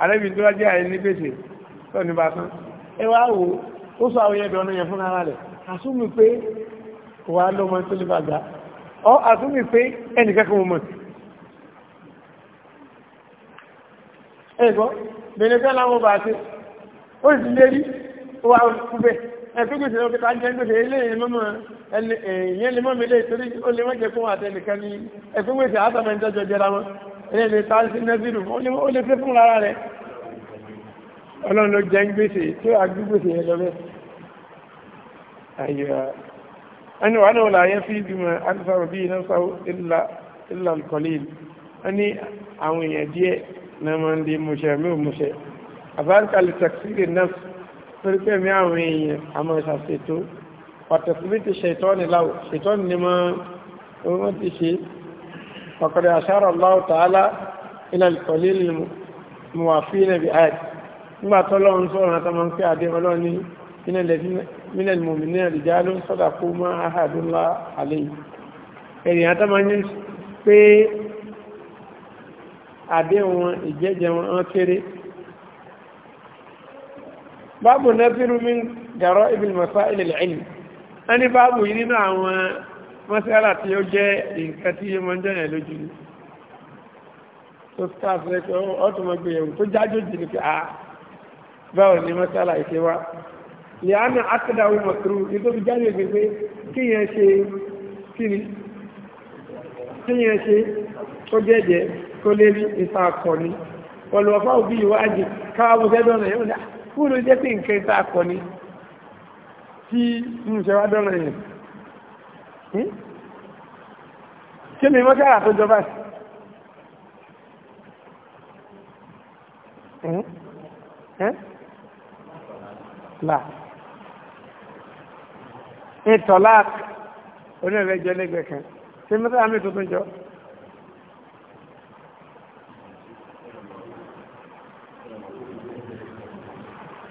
Speaker 1: ara rẹ̀ wà ló mọ́ tó lè bàgbà ọ́ àtúnmì pé ẹnìkẹ́kọ̀ọ́ mọ̀ ẹ̀gbọ́n bẹ̀rẹ̀ láwọn bá ṣe ó sì lé rí wà kúbẹ̀ ẹ̀kúgbèsè ọkẹta jẹ́ gbèsè ilé ìyẹn lè mọ́ mi lé torí ó lè mọ́ jẹ́ fún àtẹnìkan ní ẹ̀kúgbèsè àtàmẹ́ntẹ́jọ jẹ́ra wọn ilé lè ta sí nẹ́sìrù ó lè fẹ́ fún lára rẹ̀ ọlọ́run ló jẹ́ gbèsè tí ó agbègbèsè yẹn lọ bẹ́ẹ̀ ẹni wà náà láyé fi ìgbìmọ̀ alifáwọ̀ bí iná sáwọ́ ilá alkọlíl ẹni àwọn èèyàn díẹ̀ náà máa ń di mọ̀ṣẹ́ mí ò mọ̀ṣẹ́ àbáríkàlì tàkìsìrì náà torí pé mi àwọn èèyàn àmọ́ ìṣàṣètò pàtàkìlítì ṣètọ́ni láwọ̀ ṣètọ́ni ni wọ́n ti ṣe ọ̀kọ̀rẹ̀ àṣàrọ̀ láwọ̀ tààlà ilá alkọlíl muwàfíìnà bí àìt nígbà tọ́lọ́run sọ̀rọ̀ àtàmọ́ pé àdé ọlọ́ni من المؤمنين رجال صدقوا ما عهد الله عليه ẹ̀rìn àtàmàní pé àdéhùn ìjẹ́jẹ́ wọn kéré báàbù nẹ́fìrú min gàrọ́ ibil masail al-ilm a ní báàbù yìí nínú àwọn mọ́sílára tí ó jẹ́ nǹkan tí wọ́n jẹ́rẹ̀ lójú ní tó staff rẹ̀ tó ọtùmọ̀gbẹ̀yẹ̀wò tó jájó jì ní pé à báwọn ni mọ́sílára ìkéwàá lẹ́yìn akẹ́dà ohun ọ̀tún nítorí jáde gbèsè kí yẹn ṣe kíni kí yẹn ṣe kó jẹ́jẹ́ kó lé ní ìta akọni pọ̀lú ọ̀fà òbí ìwádìí káwọ́ sẹ́dọ̀nà yóò dá fún ló jẹ́ pé nǹkan ìta akọni tí ń ṣe wá dọ́nà yẹn kí ni mọ́sára tó jọba sí là ní tọ́lák onírẹ̀lẹ́jọ́ lẹ́gbẹ̀ẹ́ kan tí mẹ́ta àmì tuntun jọ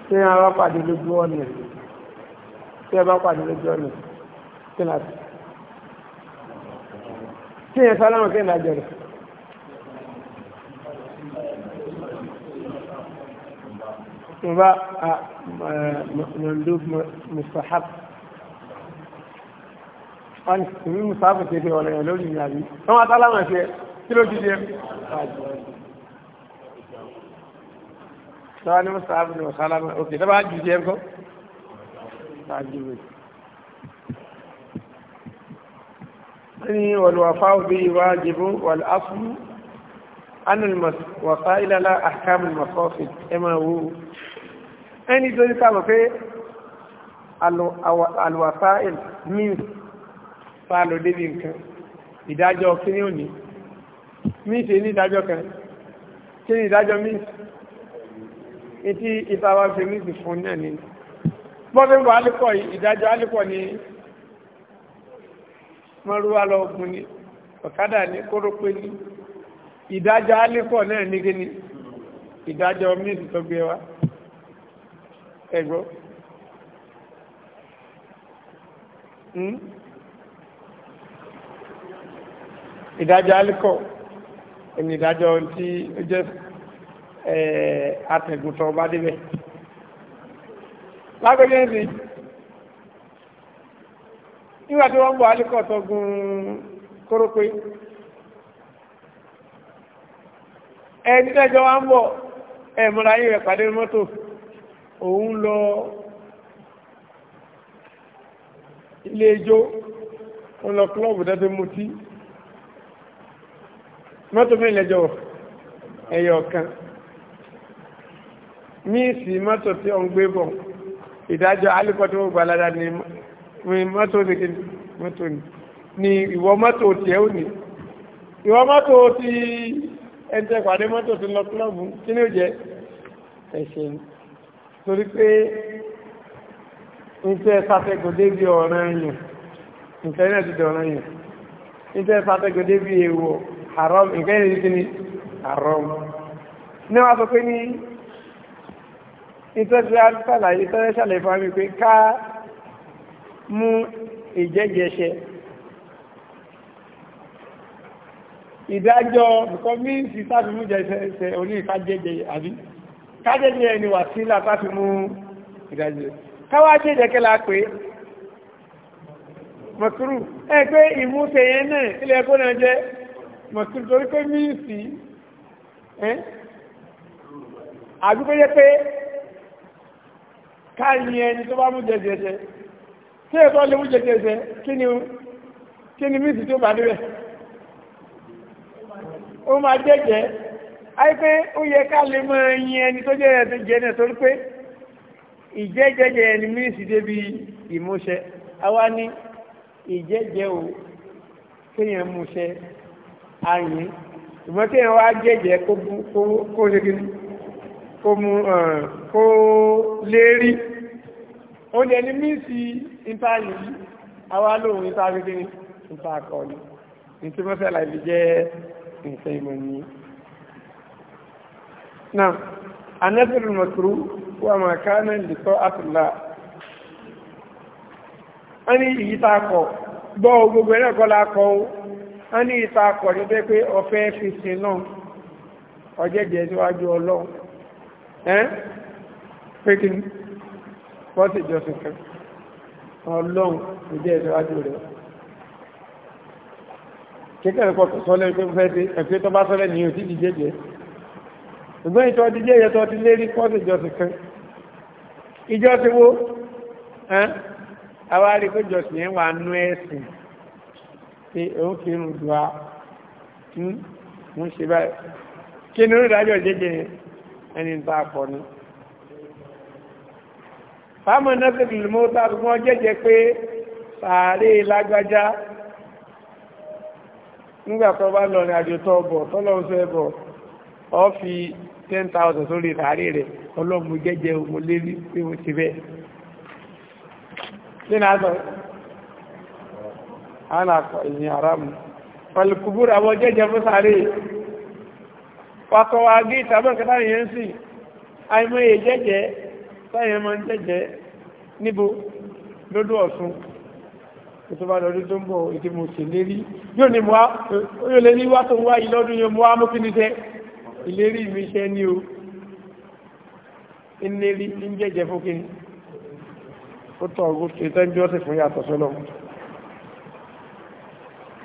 Speaker 1: tí a bá pàdé lójú ọ̀nà tí a bá pàdé lójú ọ̀nà tí a tí a sálámù kí n àjọ mo bá mọ̀ndú mustahab ọ̀nìyàn mímú sáàbù tẹ́ fẹ́ ọ̀lẹ́yàn lórí ìrìn àbí wọ́n wá tálámà ṣe kí ló dìde sọ́wọ́ ní sáàbù ní ọ̀sálámà òkè tó bá jù jẹ́ ńkọ́ ní wàlúwàfá òbí wájibú wàlúwàfú anìlmọ̀sá ìlàlá àkàmùlmọ̀sọ́fì ẹmà wó ẹni tó ní sáàbù pé alwàfá ìlú fáàlò débi nǹkan ìdájọ́ kíní òní míìsì ní ìdájọ́ kan kí ní ìdájọ́ míìsì ìtí ìtawà fi míìsì fún náà ní bọ́bí bọ́ alípọ̀ ìdájọ́ alípọ̀ ní mọ́rúwá lọ ogun ní ọ̀kadà ní kórópé ní ìdájọ́ alípọ̀ náà ní kíní ìdájọ́ míìsì tó gbé wa ẹ̀gbọ́n. Hmm? ìdájọ́ alikọ̀ ẹni ìdájọ́ tí ó jẹ́ atẹ̀gùntàn ọba débẹ̀. lágbẹ́jẹ́ ní nígbà tí wọ́n ń bọ̀ alikọ̀ tó gun kórópé ẹni tẹ́jọ́ wa ń bọ̀ ẹ̀mọ́ra yìí rẹ̀ pàdé mọ́tò òun lọ ilé ijó òun lọ kílọ̀bù tẹ́tẹ́ mutí mọ́tò mẹ́rin lẹ́jọ́ ẹyọ kan ní ìsì mọ́tò tí ó ń gbé bọ̀ ìdájọ́ alíkọ́tí ó gbà lára ní mọ́tò ní ní ìwọ mọ́tò tí ẹ ò ní ìwọ mọ́tò tí ẹjẹ́ pàdé mọ́tò tí lọ kílọ̀bù kí ní ó jẹ́ ẹ̀ṣẹ̀ torí pé ìfẹ́ sàfẹ́gòdé bí ọ̀ràn yìí ìfẹ́ náà ti dọ̀ràn yìí ìfẹ́ sàfẹ́gòdé bí èèwọ̀ haram nǹkan yẹn kí ni haram ní wọ́n sọ pé ní ìtọ́jú àtàlàyé ìtọ́jú ṣàlàyé fún mi pé ká mú ìjẹ́jẹṣẹ ìdájọ́ nǹkan míìsì táfi mú jẹ́jẹ́ oní ìkájẹ́jẹ àbí kájẹ́jẹ ẹni wà sílá táfi mú ìdájọ́ káwá jẹ́jẹ́kẹ́ la pé mọ̀kúrú ẹ pé ìmúṣẹ yẹn náà ilẹ̀ ẹ̀kọ́ náà jẹ́ mọ̀sílù torí pé míìsì àbí kó yẹ pé káàyìn ẹni tó bá mú jẹjẹjẹ tí ẹ̀tọ́ lè mú jẹjẹjẹ kí ni míìsì tó bá níbẹ̀ ó máa jẹ́jẹ́ àìpé ó yẹ ká lè mọ ẹyin ẹni tó jẹ́ ẹ̀tọ́ jẹ́ náà torí pé ìjẹ́jẹ́jẹ́ ẹni míìsì débi ìmúṣẹ àwa ní ìjẹ́jẹ́ o kéèyàn múṣẹ àyìn ìmọ̀ tí wọ́n wá jẹ́jẹ́ kó ṣe kí kó mú kó lérí ó ní ẹni mí sí ìtàlì yìí àwa lóhun ìta gbígbé ní ìta àkọọ́lẹ̀ ìtí mọ́sẹ̀lá ibi jẹ́ nǹkan ìmọ̀ ní. náà anẹ́sìrì mọ̀tòrú wà máa ká náà lè tọ́ àtúlá wọ́n ní ìyíta kọ̀ gbọ́ gbogbo ẹ̀rẹ́ kọ́ a ní ìta akọ̀rin bẹ́ pé ọ̀fẹ́ fi sin náà ọjẹ́jẹ́ síwájú ọlọ́run ẹ́ pé kí wọ́n sì jọsìn kan ọlọ́run ìjẹ́ síwájú rẹ̀ kékeré pọ̀ sọ́lẹ̀ pé fẹ́ sí ẹ̀fẹ́ tó bá sọ́lẹ̀ ní òtí jíjẹ́ jẹ́ ṣùgbọ́n pé ó fi ń dùn á mú hmm? ṣe báyìí kí ni onídàájọ́ jẹ́jẹ́ ẹni bá pọ̀ ní fáwọn nọ́sẹ̀kì lè mọ́ tàbí wọ́n jẹ́jẹ́ pé sàárè lágbájá nígbà tó bá lọ ní àjò tó bọ̀ tọ́lọ́run sọ ẹbọ̀ ọ fi 10,000 sórí sàárè rẹ̀ ọlọ́mù jẹ́jẹ́ òun lérí alákọ̀ ìyìn àrámù pẹ̀lúkúbúrú àwọn jẹ́jẹ fún sáré pàtọwà gí ìtàbọ̀kẹta yẹn sì àìmọye jẹ́jẹ sáyẹn máa ń jẹ́jẹ níbo lódó ọ̀sùn kò tó bá lọ́dún tó ń bọ̀ èdè mo sì lérí yóò ní mo yóò lé ní wá tó ń wá yìí lọ́dún yẹn mo wá mú kí ni tẹ́ ìlérí mi iṣẹ́ ní o ni ó tọ̀ ọ̀gọ́ ṣe tẹ́ńjọ́sì fún yàtọ̀ sọ́lọ́mù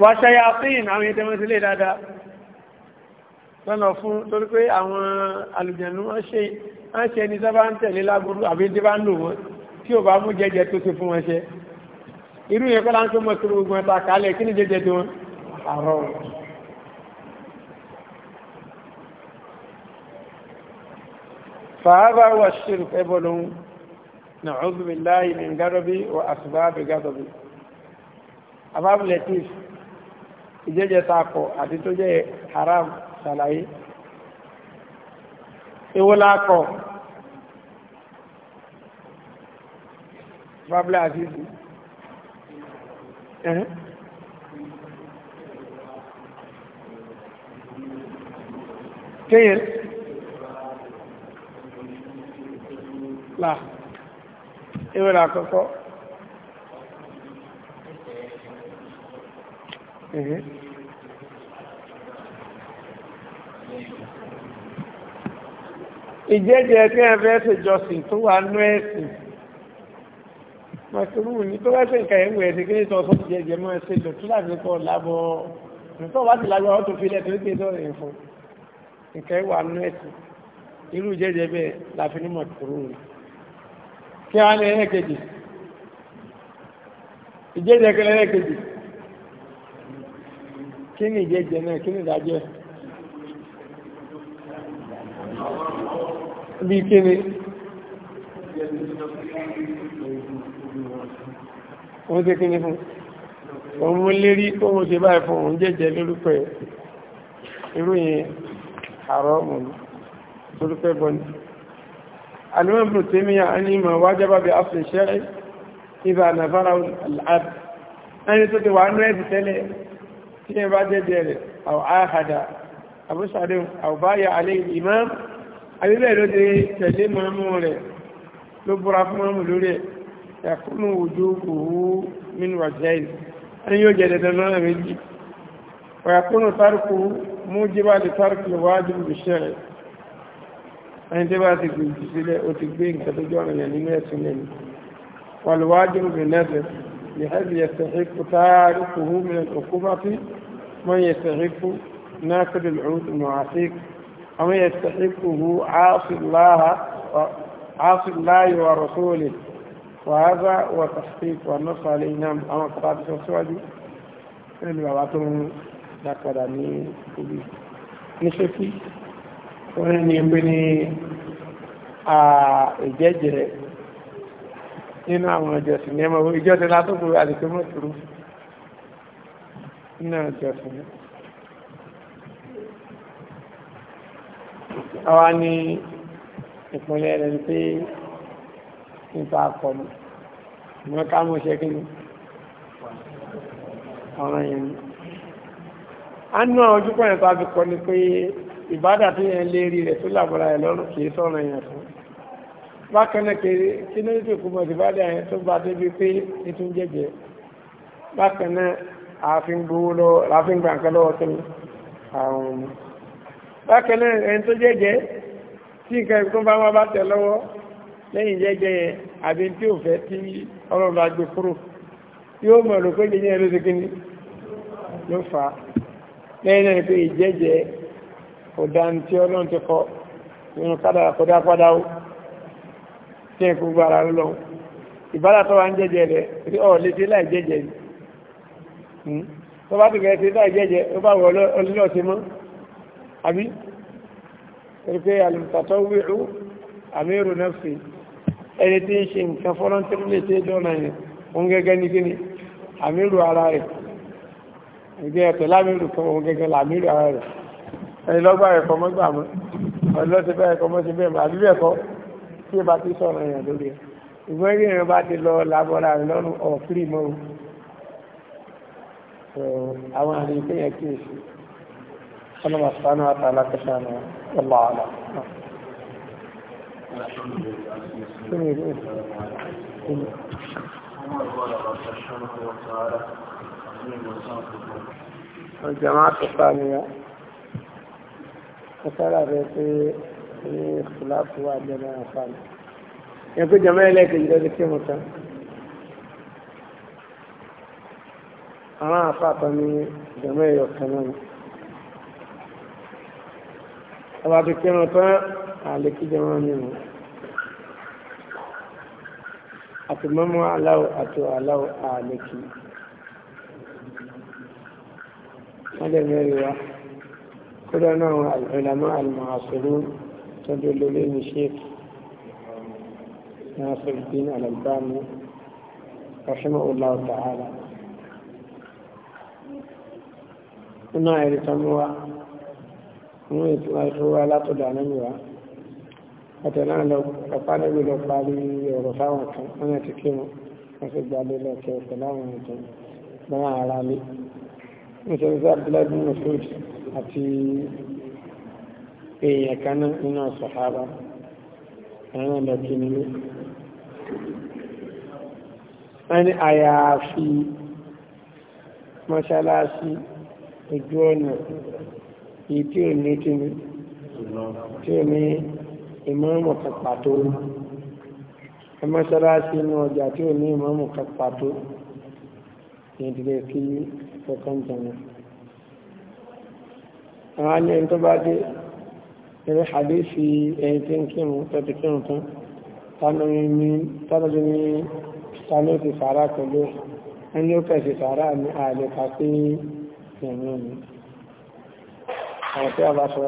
Speaker 1: wàṣẹyà fíìn àwọn ìtẹ́mọ́ sílé dáadáa lọ́nà fún torí pé àwọn alùjẹ̀nú wọ́n ṣe ní sábà ń tẹ̀lé lágbóró àbí tí bá ń lò wọ́n tí ò bá mú jẹjẹ tó ṣe fún wọn ṣe irú yẹn kọ́lá ń tó mọ̀ gbogbo ẹ̀ta kálẹ̀ kí ni jẹjẹ ìjẹ́jẹ́ takọ̀ àti tó jẹ́ haram ṣàlàyé èwo la kọ̀ babla azizi ẹ̀hẹ́n
Speaker 2: ìjẹ́jẹ́
Speaker 1: kí ẹ fẹ́ ṣe jọsìn tó wà nú ẹ̀sìn mọ̀sùlùmù ní tó wá ṣe nǹkan ẹ̀wọ̀ ẹ̀sìn kí ní sọ fún ìjẹ́jẹ́ mọ́ ẹ̀ṣẹ́ lò tó láti kọ́ lábọ́ nǹkan wá sí lágbára tó fi lẹ́tọ́ nípa ìtọ́ rẹ̀ fún nǹkan ẹ̀wọ̀ nú ẹ̀sìn irú ìjẹ́jẹ́ bẹ́ẹ̀ la fi ní mọ̀sùlùmù kí wọ́n ní ẹlẹ́kejì ìjẹ́jẹ́ kí lẹ́lẹ́kejì kí ni ìjẹ́jẹ náà kí ni ìdájẹ́ bí kí ni wọ́n ṣe kí ni fún òun mú lérí kó wọ́n ṣe báyìí fún òun jẹ́jẹ lórúkọ ẹ̀ irú yẹn àrọ́mù lórúkọ ẹ̀bọn ni alimọ́n bùn tí míyà á ní ìmọ̀ wájábá bí afẹ́ ṣẹ́rẹ́ ìbà tí ẹ bá jẹ́jẹ́ rẹ̀ àwọn àhàdà àbúṣàdéhùn àwòbáyà alẹ́ ìmọ̀ abíbẹ̀ ló dé tẹ̀lé mọ́mú rẹ̀ ló búra fún mọ́mú lórí ẹ̀ ẹ̀kúnnù ojú òwú nínú àjẹ́ ìlú ẹni yóò jẹ́ dandan náà méjì ọ̀yàkúnnù tárùkù mú jíbá lè tárùkù lè wájú ìṣẹ́ rẹ̀ ẹni بحيث يستحق تاركه من العقوبة من يستحق ناقض العود المعاصيك أو يستحقه عاصي الله عاصي الله ورسوله وهذا هو تحقيق والنص علينا أما قطعة السؤال البعضهم ذكرني كبير نشفي ونبني ìjẹ́jẹ́ nínú àwọn ìjọsìn ní ẹmọ ìjọsìn látọ́kù àdìsí mọ́sùrù nínú ìjọsìn ní àwa ní ìpínlẹ̀ rẹ̀ pé nípa akọni mọ́ ká mọ́ ṣe kí ni ọ̀rọ̀ yẹn ni a nú àwọn ojúkọ̀ yẹn tó a fi kọ́ ni pé ìbádà tó yẹn lérí rẹ̀ tó làbọ̀ra ẹ̀ lọ́rùn kì í sọ̀rọ̀ yẹn fún bákan náà kéré kí ló ń tó kú mọ̀tì bá dàn tó bá débi pé ètò ń jẹjẹ bákan náà ààfin gbowó lọ ààfin gbà nǹkan lọ́wọ́ tó ní àwọn ọmọ bákan náà ẹni tó jẹjẹ tí nǹkan ìkó bá wá bá tẹ̀ lọ́wọ́ lẹ́yìn jẹjẹ yẹn àbí tí ò fẹ́ tí ọlọ́run bá gbé kúrò yóò mọ̀ ló pé jẹjẹ yẹn ló ti kíni ló fà á lẹ́yìn náà pé ìjẹjẹ kò dáa ní tí ọlọ́run ti kọ ìrùn kádàrà kó dá padà ó tí ẹ gbogbo ara lọ ìbára tó wà ń jẹjẹ rẹ rí ọ lè ṣe láì jẹjẹ ni hmm? tó bá ti kẹrẹ ṣe láì jẹjẹ ó bá wọ ọlọ́lọ́ ṣe mọ́ àbí rí pé àlùmùtàtọ́ wíwú àmírù náà fi ẹni tí ń ṣe nǹkan fọ́nrán tí lè ṣe dọ́nà yẹn òun gẹ́gẹ́ ní kíni àmírù ara rẹ̀ ẹ̀kọ́ mọ́gbà mọ́ ọlọ́sẹ̀ bẹ́ẹ̀ ẹ̀kọ́ tí ẹ bá ti sọ̀rọ̀ èèyàn lórí ẹ̀ ìwọ́n rí èèyàn bá ti lọ lábọ́ra rẹ̀ lọ́rùn ọ̀fírí mọ́ o àwọn àrùn ìpínyẹ̀ kí èsì
Speaker 2: ọlọ́mà sánú àtàlà kẹta nà ọlọ́ àlà Jama'a ta saniya,
Speaker 1: ta tara pé fúláfù wà bẹ́ẹ̀ náà fà mí. ẹ pé jọmọ ẹlẹ́kẹ̀jì lọ́dún kí mo tán. àwọn àfàtàn ní jọmọ ẹ̀yọ kan náà. ọba tó kí mo tán àlè kí jọmọ mi mọ̀. àti mọ́mọ́ aláwọ̀ àti aláwọ̀ àlè kí.
Speaker 2: هذا ما يروى
Speaker 1: كلنا العلماء المعاصرون تدل لي الشيخ ناصر الدين الألباني رحمه الله تعالى iná ẹ̀rí kan mú wa mú ìtura ìfowó alátọ̀dọ̀ ànáyíwá àtẹ̀lá lọ pàpá lẹ́gbẹ̀ẹ́ lọ parí ọ̀rọ̀ fáwọn kan wọ́n yẹ ti kí wọn wọ́n sì gbalé lọ kẹ ọ̀pẹ̀ láwọn ètò èèyàn kan náà nínú sàhábà àwọn ọ̀dọ̀kì nílé wọ́n ní àyàfi mọ́ṣáláṣí ojú ọ̀nà yìí tí ò ní kí ni tí ò ní ìmọ̀ọ́mù kan pàtó mọ́ṣáláṣí inú ọjà tí ò ní ìmọ̀ọ́mù kan pàtó ní ìdílé kí ọkàn jẹun àwọn ẹni tó bá dé ẹ̀rẹ́ hadithi ẹni tí ń kírun tẹ́tí kírun tán tánàjú ní sánú ti sàárà pẹ̀lú ẹni ó kẹ̀sì sàárà ní àlẹ́ka sí ẹ̀mí mi àti àbáṣọ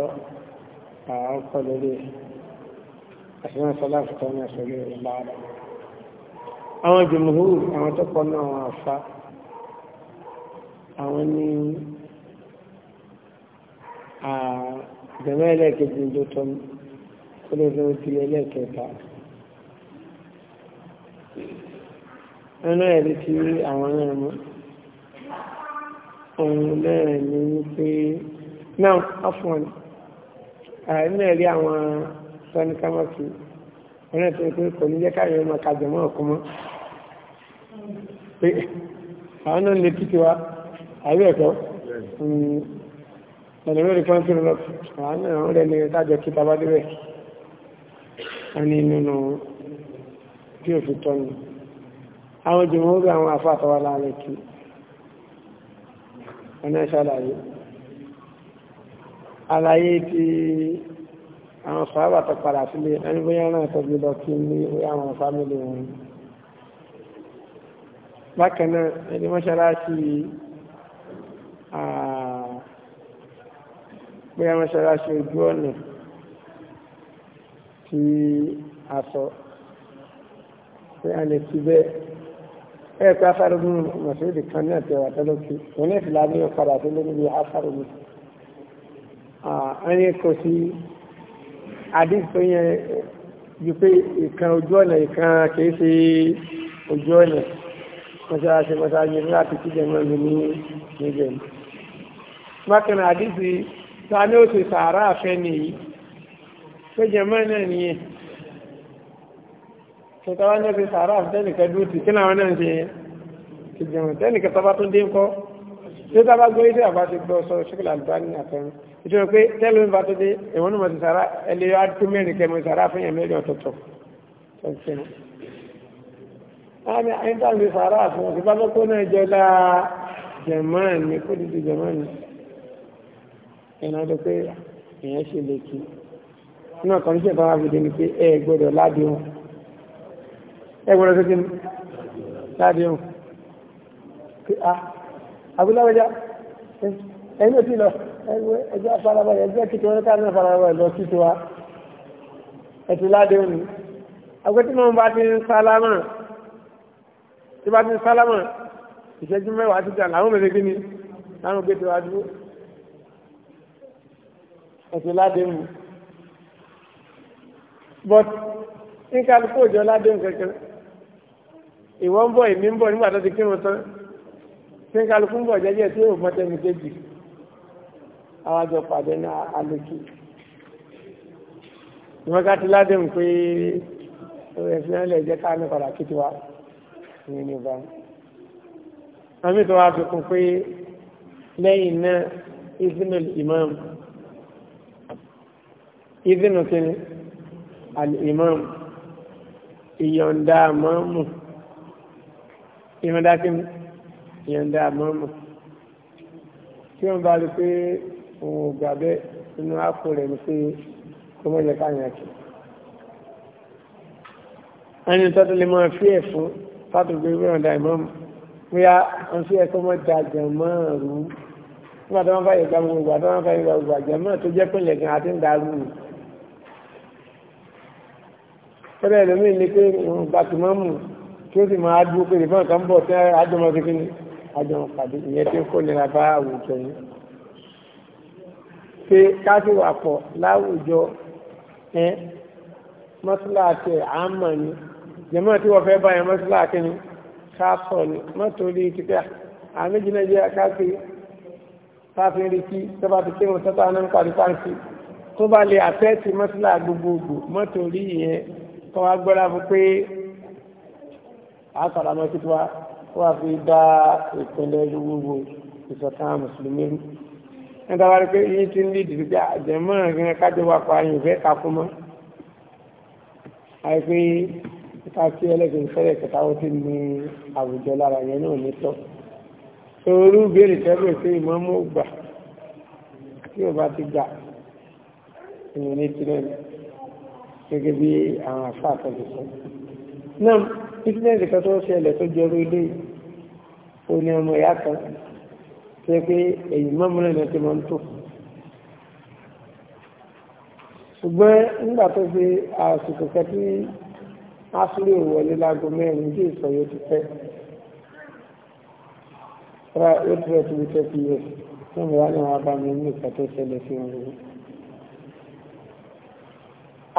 Speaker 1: àákọ́ lórí àṣíwọ̀n sọ́lá fìtọ́ ní àṣírí ìlàrá àwọn jùmùhúrù àwọn jẹ̀mọ́ ẹlẹ́ẹ̀kejì ló tọ́ mi kó lè fẹ́ ti ẹlẹ́ẹ̀kẹta. ẹnu ẹ̀rí tí àwọn náà mọ́ òun náà ní pé náà afọ́n ẹnu ẹ̀rí àwọn sọ́nikámọ́sì ẹnu ẹ̀tọ́ pé kò ní jẹ́ káyọ̀ ọmọ kàjọ̀mọ́ ọ̀kọ́ pé àwọn náà lè títí wa àbí ẹ̀lẹ́rẹ́ rí pọ́ńtì lọ àwọn ẹ̀rọ rẹ̀ ní ìtajọ kí ta bá débẹ̀ a ní nínú bí òfin tọ́ ni àwọn jùmọ̀ ó gbé àwọn àfa àtọwà láàrin kí ọ̀nà ìṣàlàyé àlàyé ti àwọn sàábà tó padà sílé ẹni bóyá náà tó gbé lọ kí ní orí àwọn fámílì wọn bákan náà ẹni mọ́ṣáláṣí àà pé a mọ́ṣáláṣí ojú ọ̀nà tí a sọ pé a lè fi bẹ́ẹ̀ ẹ̀ pé afárò bí mọ̀sílẹ̀ kan ní àti ẹ̀wà tẹ́lọ́kì wọn ní ìfìlà ní ọ̀padà tó lé níbi afárò mi ẹni kò sí àdìsọ yẹn ju pé ìkan ojú ọ̀nà ìkan kìí ṣe ojú ọ̀nà mọ́ṣáláṣí mọ́ṣáláṣí láti kíjẹ̀ mọ́ mi ní níbẹ̀ bákan náà yìí ta ni ó ti sàárà àfẹ́ nìyí tó jẹ mọ́ náà nìyẹn tó tọ́wá ní ó ti sàárà àfẹ́ tẹ́nìkan dúró tì kí làwọn náà ń ṣe yẹn ti jẹun tẹ́nìkan tọ́ba tó dé ń kọ́ tó tọ́ba gbé ilé àbá ti gbọ́ sọ ṣúkìlà àlùbáni àtẹnu ìtura pé tẹ́lẹ̀ ń bá tó dé ìwọ́n náà mo ti sàárà ẹlẹ́ yóò tó mẹ́rin kẹ́ mo sàárà fún yẹn mẹ́rin ọ̀tọ̀ọ̀tọ̀ ẹ̀nà ọdọ pé
Speaker 2: èèyàn ṣe lè kí
Speaker 1: inú ọ̀kan níṣẹ́ bá wà fi dé ni pé ẹ gbọ́dọ̀ ládìhùn ẹ gbọ́dọ̀ tó kíni ládìhùn pé a abúláwẹ́já ẹ̀yìn ló ti lọ ẹgbẹ́ afárabalẹ̀ ẹgbẹ́ kìtì wọn ká náà farabalẹ̀ lọ sí tiwa ẹ̀tì ládìhùn ni agbẹ́tí mọ́ bá ti ń sálámà tí bá ti ń sálámà ìṣẹ́jú mẹ́wàá ti dà láwọn mẹ́rin kí ni láwọn gbé tiwa dúró ẹ̀sìn ládéhùn but ní kálukú òjò ládéhùn kékeré ìwọ ń bọ̀ èmi ń bọ̀ nígbà tó ti kírun tán ní kálukú ń bọ̀ jẹ́jẹ́ tí yóò mọ tẹ́mi kéjì àwọn àjọ pàdé ní àlòkì ìwọ́n ká ti ládéhùn pé ẹ̀sìn náà jẹ́ ká ní padà kí tiwa ní ní ìbámu àmì tó wá fi kún pé lẹ́yìn náà ìsinmi ìmáàmù ìdínú kìíní alìmọ́ọ̀mù ìyọ̀ǹda mọ́ọ̀mù ìyọ̀ǹda kìíní ìyọ̀ǹda mọ́ọ̀mù tí wọ́n bá rí pé òun ò gbà bẹ́ẹ̀ inú àpò rẹ̀ ni pé kó mọ̀ jẹ́ káyìn àti. ẹni tọ́tù lè máa fi ẹ̀ fún tọ́tù gbé ìyọ̀ǹda ìmọ́ọ̀mù bóyá wọ́n fi ẹ̀kọ́ mọ́ dàgbẹ̀ mọ́ọ̀rù nígbà tí wọ́n bá yẹ gbàgbọ́ gbàgbọ́ wọ́n bá yẹ gbàgbọ́ gbàgbọ́ tó jẹ́ pínlẹ̀ gan àti ń darú rù fẹ́rẹ́ ẹlòmíì ni pé gbàtùmọ́mù tí ó sì máa dúró pé ìbọn kan bọ̀ tí àjọmọ́ fi kí ni àjọmọ́ pàdé ìyẹn tí ó kó nira bá àwùjọ yìí pé káfí wà pọ̀ láwùjọ ẹ mọ́síláàtì àmọ́ ni jẹ́mọ́ tí wọ́n fẹ́ báyẹn mọ́síláàtì ni káàpọ̀ ni mọ́tòrí kíkà àmẹ́jì náà jẹ́ káfí káfí rí kí tọ́ba ti kéwọn tọ́ta náà ń parí pàǹtí tó bá lè àfẹ́ẹ̀tì mọ́síláà gbogbogbò mọ́tòrí ìyẹn kọ́ wa gbọ́ra fún pé àkàrà mọ́ títí wa wà fi dá ìpínlẹ̀ gbogbo ìṣọ̀kan mùsùlùmí rú nígbà wá rí pé yìí ti ń lé ìdìbò pé àjẹmọ́ ìrìn kájọ wà pa ayò fẹ́ kakú mọ́ àìpé ká sí ẹlẹ́gbẹ̀ẹ́ ìfẹ́lẹ̀ kẹta ó ti ní àwùjọ lára yẹn náà ní tọ́ orú béèrè tẹ́bẹ̀ sí ìmọ̀mọ́ gbà tí ò bá ti gbà ìrìn ní tirẹ̀ gẹ́gẹ́ bí àwọn àfáà tọ́jú sọ. náà ìtìlẹ́ǹdì kan tó ṣẹlẹ̀ tó jọrú ilé ò ní ọmọ ìyá kan tó yẹ pé èyí mọ́mọ́lẹ̀ náà ti máa ń tò. ṣùgbọ́n nígbà tó fi àsìkò kan tí áṣírí ò wọlé láago mẹ́rin bí ìsọ̀yọ́ ti pẹ́ ra eight hundred and twenty years fún ìwádìí àwọn abàmì ní ìkàtó ṣẹlẹ̀ sí wọn lórí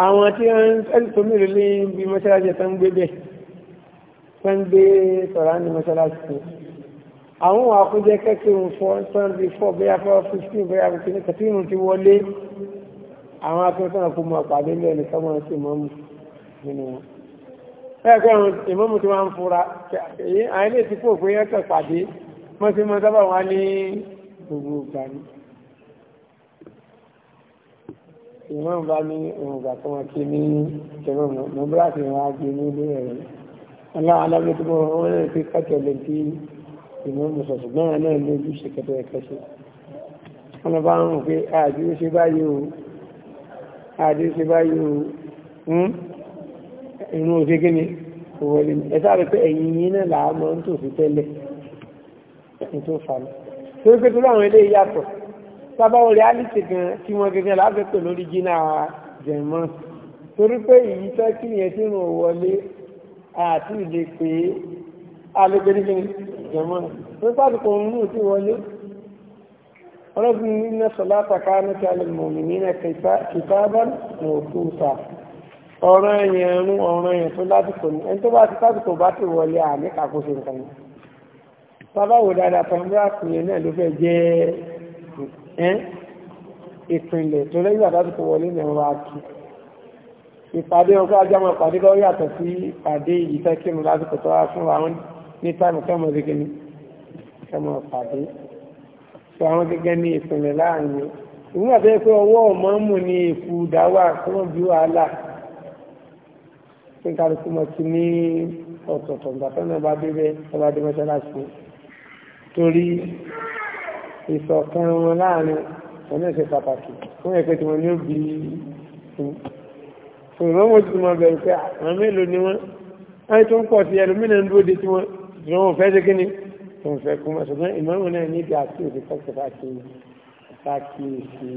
Speaker 1: àwọn tí wọ́n ń tómi rẹ̀ lé bí mọ́ṣáláṣí tó ń gbé bẹ̀ tó ń gbé tọ̀rọ̀ ní mọ́ṣáláṣí tó àwọn wà kó jẹ́ kẹ́kẹ́ òun fọ́ sunday four bẹ́yà four fifteen bẹ́yà fifteen kàtínú ti wọlé àwọn akẹ́kọ̀ọ́ náà kó mọ àpàdé lẹ́ẹ̀ ní sọ́mọ́ sí ìmọ̀mù nínú wọn. ẹ̀kọ́ ìmọ̀mù tí wọ́n ń fura àyẹ́lẹ́ ti fò pé ẹ̀kọ́ pàdé mọ́sí mọ́ ìmọ̀ bá ní òǹgbà tó wọn kí ní ìjọba mọ̀ bí láti wọn á gbé ní ilé ẹ̀rọ aláwọ̀ aláwọ̀ tó wọn wọn lè fi kẹ́kẹ́ lè fi ìmọ̀ mọ̀sọ̀ ṣùgbọ́n wọn náà ní ojúṣe kẹtọ ẹ̀kẹ́ ṣe wọn ni òwòlè ẹ sáré pé ẹ̀yìn yín náà làá mọ́ nítòsí tẹ́lẹ̀ nítorí fa mi sábàwọ̀ reality gan tí wọ́n gẹ́gẹ́ láti pè lórí jìnnà jẹ̀mọ́ torí pé èyí fẹ́ kí yẹn tí mo wọlé àti ìlè pé alẹ́gbẹ́ ní jẹ̀mọ́ tó sásìkò òun náà ti wọlé ọlọ́gbìn nínú sọ̀láta káánú tí a lè mọ̀ mí nínú kìtàbá ní òkúta ọ̀rọ̀ ẹ̀yẹn ń ọ̀rọ̀ ẹ̀yẹn tó lásìkò ní ẹni tó bá ti sásìkò bá ti wọlé àmì kàkóso nǹkan yìí dáadáa tó ń náà ló fẹ́ jẹ́ ìpínlẹ̀ tó lẹ́yìn àdájú tó wọlé ní ọ̀rọ̀ àti ìpàdé ọgbà ajámọ̀ ìpàdé lọ yàtọ̀ sí ìpàdé ìfẹ́kínu lásìkò tó wá fún àwọn ní táìmù kẹmọ̀ gẹ́gẹ́ ní kẹmọ̀ ìpàdé tó àwọn gẹ́gẹ́ ní ìpínlẹ̀ láàrin ìwọ́n àti pé ọwọ́ ọmọọmọ ní èkú dáwà tó wọ́n bí wàhálà tí kálukú mọ̀ sí ní ọ̀tọ̀ọ̀tọ̀ ìgbà tó náà bá dé bẹ́ẹ̀ tó bá dé mọ́ṣáláṣí torí ìṣọ̀kan wọn láàrin ọ̀nà ìṣe pàtàkì fún ẹ̀pẹ́ tí wọ́n ní òbí fún ìrọ́wọ́ tí wọ́n bẹ̀rù pé àwọn mélòó ni wọ́n láì tó ń pọ̀ sí ẹlòmínà ń dúró de tí wọ́n tí wọ́n fẹ́ ṣe kíni tó ń fẹ́ kú mọ́ ṣùgbọ́n ìmọ̀ràn náà ní ibi àti òbí pẹ́kẹ́ pàkíyèsí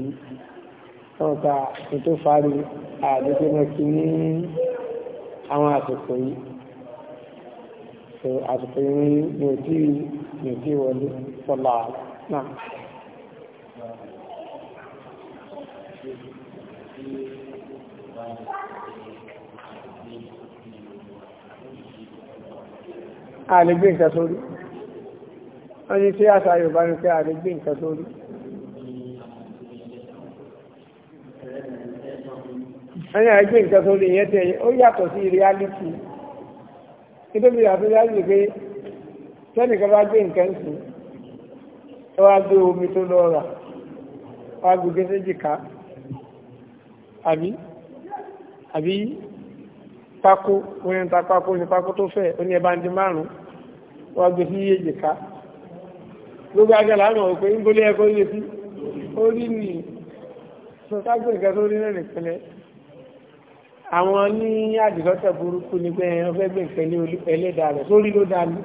Speaker 1: wọ́n ta ètò fari àdéjọ́ náà kí ní àwọn àsìkò yìí àsìkò yìí ní òtí wọlé fọ́lá àlọ́ Naam.
Speaker 2: A lè gbé nǹkan sórí.
Speaker 1: Wọ́n ní tí àṣà Yorùbá ní pé a lè gbé nǹkan sórí. Ẹni àìgbé nǹkan sórí ìyẹn tẹ̀ ó yàtọ̀ sí reality. Nítorí àti reality pé tẹ́nìkan bá gbé nǹkan sùn ẹ wá gbé omi tó lọ rà wá gbogbo séjìká àbí àbí pákó orin ta pákó ní pákó tó fẹ́ ó ní ẹbá ń di márùn wá gbé sí èjìká gbogbo agẹ́lá àwọn òpin ń gbólé ẹkọ́ yé sí orí ni sọ́tágbé nǹkan tó rí náà nìpínlẹ̀ àwọn ní àdìsọ́tẹ̀ burúkú ni pé ẹ̀yàn fẹ́ gbé nǹkan ní ẹlẹ́dàá rẹ̀ sórí ló dá ní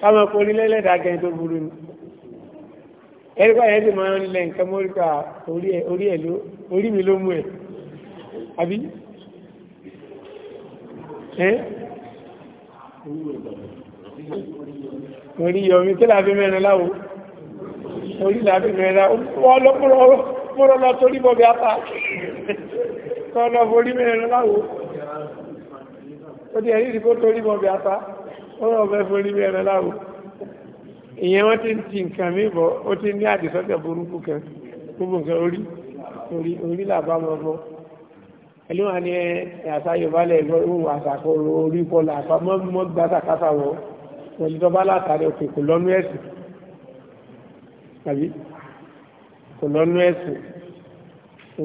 Speaker 1: káwọn forí lẹ́lẹ́dàá gẹ́gẹ́ tó burú ni ẹ̀ríkọ́ yẹn sì máa ń lẹ nǹkan mọ́ríkà orí mi ló mú ẹ̀
Speaker 2: àbí ẹ́
Speaker 1: orí yọmi tí láàfin mẹ́rin láwo orí láàfin mẹ́rin láwo wọ́n lọ múrọ̀ lọ torí bọ́bí apá kọ́ lọ forí mẹ́rin láwo ó di ẹ̀rí ìdíkó torí bọ́bí apá ọ̀rọ̀ ọ̀fẹ́ forí bí ẹran láwò ìyẹn wọ́n ti ń ti nǹkan mi bọ̀ ó ti ní àdìsọ́tẹ̀ burúkú kan gbogbo nǹkan orí orí orí làbá mọ́ bọ́ ẹlúwà ní àṣà yorùbá lẹ́gbọ́ ìwò àṣàkóró orí kọlà àpamọ́ mọ́ gbásàkásà wọ́ pẹ̀lú tọ́bá látàrí òkè kò lọ́nú ẹ̀sìn tàbí kò lọ́nú ẹ̀sìn tó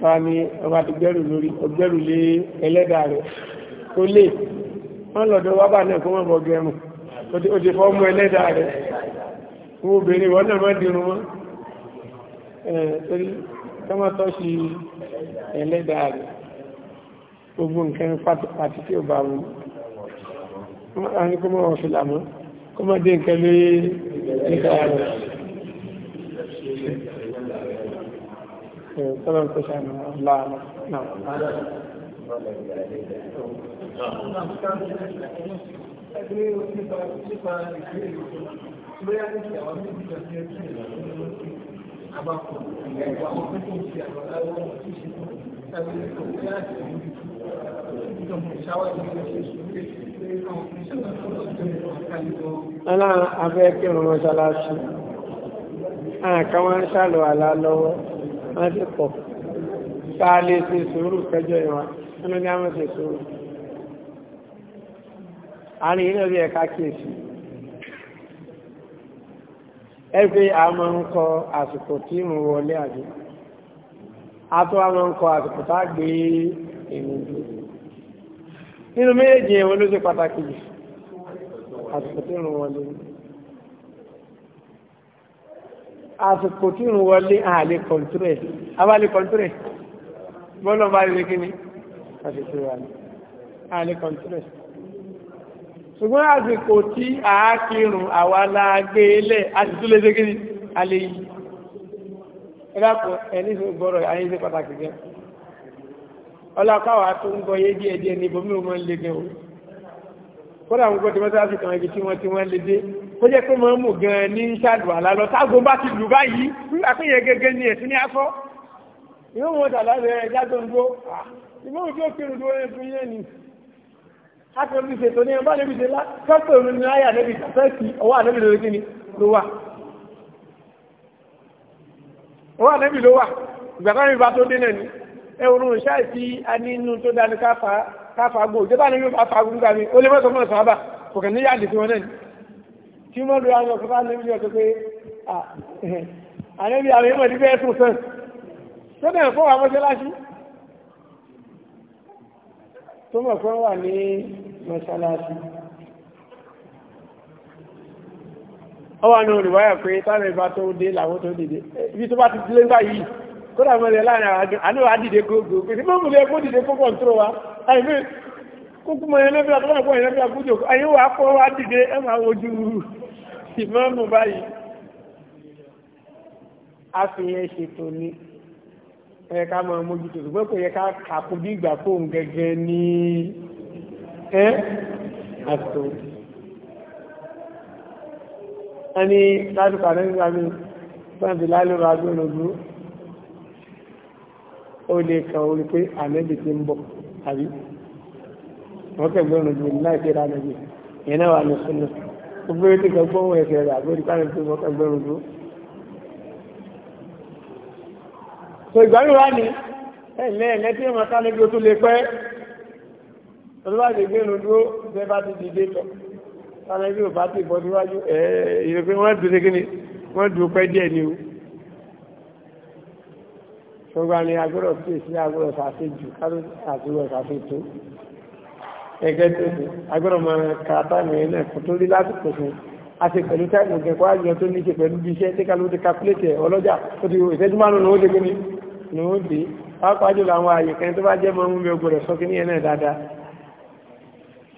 Speaker 1: ká ní ọba ti gbẹ́rù lórí ọgbẹ́rù lé ẹlẹ́dàá rẹ̀ tó lè wọ́n lọ́dọ̀ wá bà náà kó mọ́ bọ̀gẹ̀ ẹ̀mù ó ti fọ́ mú ẹlẹ́dà rẹ̀
Speaker 2: fún obìnrin wọ́n náà má dirun mọ́ torí tọ́mọ́tọ́ sí ẹlẹ́dà rẹ̀
Speaker 1: gbogbo nǹkan pàtàkì tí ó bá mú wọ́n ní kó mọ́ wọn fìlà mọ́ kó mọ́ dé nǹkan lé ẹlẹ́dà rẹ̀ Ọlá afẹ́ kí ọmọ mọ́ṣálásí, àkàwọn ń ṣàlọ̀ àlá lọ́wọ́, wọ́n ti pọ̀, sáà lè ṣe sùúrù kẹjọ ìwọ̀n nínú ní àwọn ẹsẹ̀ sóró àárín ilé orí ẹ̀ka kíyèsí ẹgbẹ́ àmọ́ ń kọ àsìkò tí mo wọlé àjò àtọ́ àmọ́ ń kọ àsìkò tá gbé èmi dúró nínú méjèèjì ẹ̀wọ̀n ló ṣe pàtàkì jù àsìkò tí mo wọlé àsìkò tí mo wọlé àlè kọ̀ntúrẹ̀ abálè kọ̀ntúrẹ̀ bọ́lọ̀ bá lè kí ni àṣìṣe wà ní àní kọ̀ǹtínẹ̀ ṣùgbọ́n àsìkò tí a kírun àwa la gbé e lẹ̀ àti tó lè ṣe kí ni a lè yí ẹ dákun ẹni tó gbọ́rọ̀ ayé ṣe pàtàkì gan ọlọ́pàá tó ń gbọ́ yé díẹ̀ díẹ̀ ní ibòmí o máa ń lè gan o kódà ń gbọ́ tí wọ́n sáà fi ìwọ́n mọ̀ tàlá rẹ̀ jágbó ń gbó ìmọ̀ràn tí ó kéré ló rẹ̀ fún yẹn ni akẹ́kọ̀ọ́ ti ṣètò ní ọba níbi ṣẹlá kọ́pẹ́ òun ní ayé àdẹ́bí kàfẹ́sì ọwọ́ àdẹ́bí lórí kíni ló wà ọwọ́ àdẹ́bí ló wà ìgbàgbọ́ mi bá tó dé náà ni ẹ orun ìṣáì a ní inú tó dání káfàgbò ìjọba ní yóò bá fagbó nígbà mi ó lè mọ́tò mọ́ sábà kò kàn ní yáàdì sí wọn náà tí mọ́ lóra lọ fún àlẹ́bí lọ pé àlẹ́bí àlẹ́bí mọ̀ níbẹ̀ tó mọ̀ fún wà ní mọ́sálásí ó wà ní olùwáyà pé táwọn ìbá tó dé làwọn tó dìde ibi tó bá ti dìlé ńgbà yìí kó dà mọ́lẹ̀ láàrin àwọn àdó àdìde gbogbo pé sí mọ́mù lẹ́kọ́ dìde kó kọ̀ǹtúrò wa àìmí kókú mọ́ ẹ̀rẹ́ bí àtọ́lá pọ̀ ẹ̀rẹ́ bí àkójọ ayé wà fọ́ wá dìde a fi yẹn ṣètò ẹ ká máa mójútó ṣùgbọ́n kò yẹ ká kàkó bí ìgbà fóun gẹ́gẹ́ ní
Speaker 2: ẹ́ àtò.
Speaker 1: ẹni lásìkò àdéhùn àmì gbọ́ǹdì lálẹ́rọ agbóhùnlógún ó lè kàn orí pé ànẹ́bì ti ń bọ̀ àbí wọ́n kẹ̀ gbóhùnlógún láìpẹ́ rà nẹ́bì ìyẹn náà wà ní sunu gbogbo ètò ìgbàgbọ́ ẹ̀sẹ̀ rẹ̀ àgbóhùn so ìgbàlú wá ní ẹ̀lẹ́ ẹ̀lẹ́ tí wọ́n ká lẹ́gbẹ́ tó lè pẹ́ olúwàdì gbẹ́nu dúró bẹ́ẹ̀ bá ti dìde tọ̀ sálẹ́gbẹ́ ò bá ti bọ́ níwájú ẹ̀ ìrẹ́pẹ́ wọ́n dúró kí ni wọ́n dúró pẹ́ díẹ̀ ni o ṣọgbà ni agbọ́dọ̀ pè sí agbọ́dọ̀ sàṣejù agbọ́dọ̀ sàṣètò ẹgbẹ́ tó ṣe agbọ́dọ̀ mọ kàtà nìyẹn náà kò tó rí lásìkò fún àti pẹ̀lú táìmù kẹ̀kọ́ àjọ tó ní ṣe pẹ̀lú bí iṣẹ́ tí kálú ti kápílẹ̀tì ọlọ́jà ó ti ìṣẹ́jú márùn-ún ó ti gbé ni ni ó dé pàápàá jùlọ àwọn àyè kan tó bá jẹ́ mọ́ múmi ogun rẹ̀ sọ́kí ní ẹ̀nà dáadáa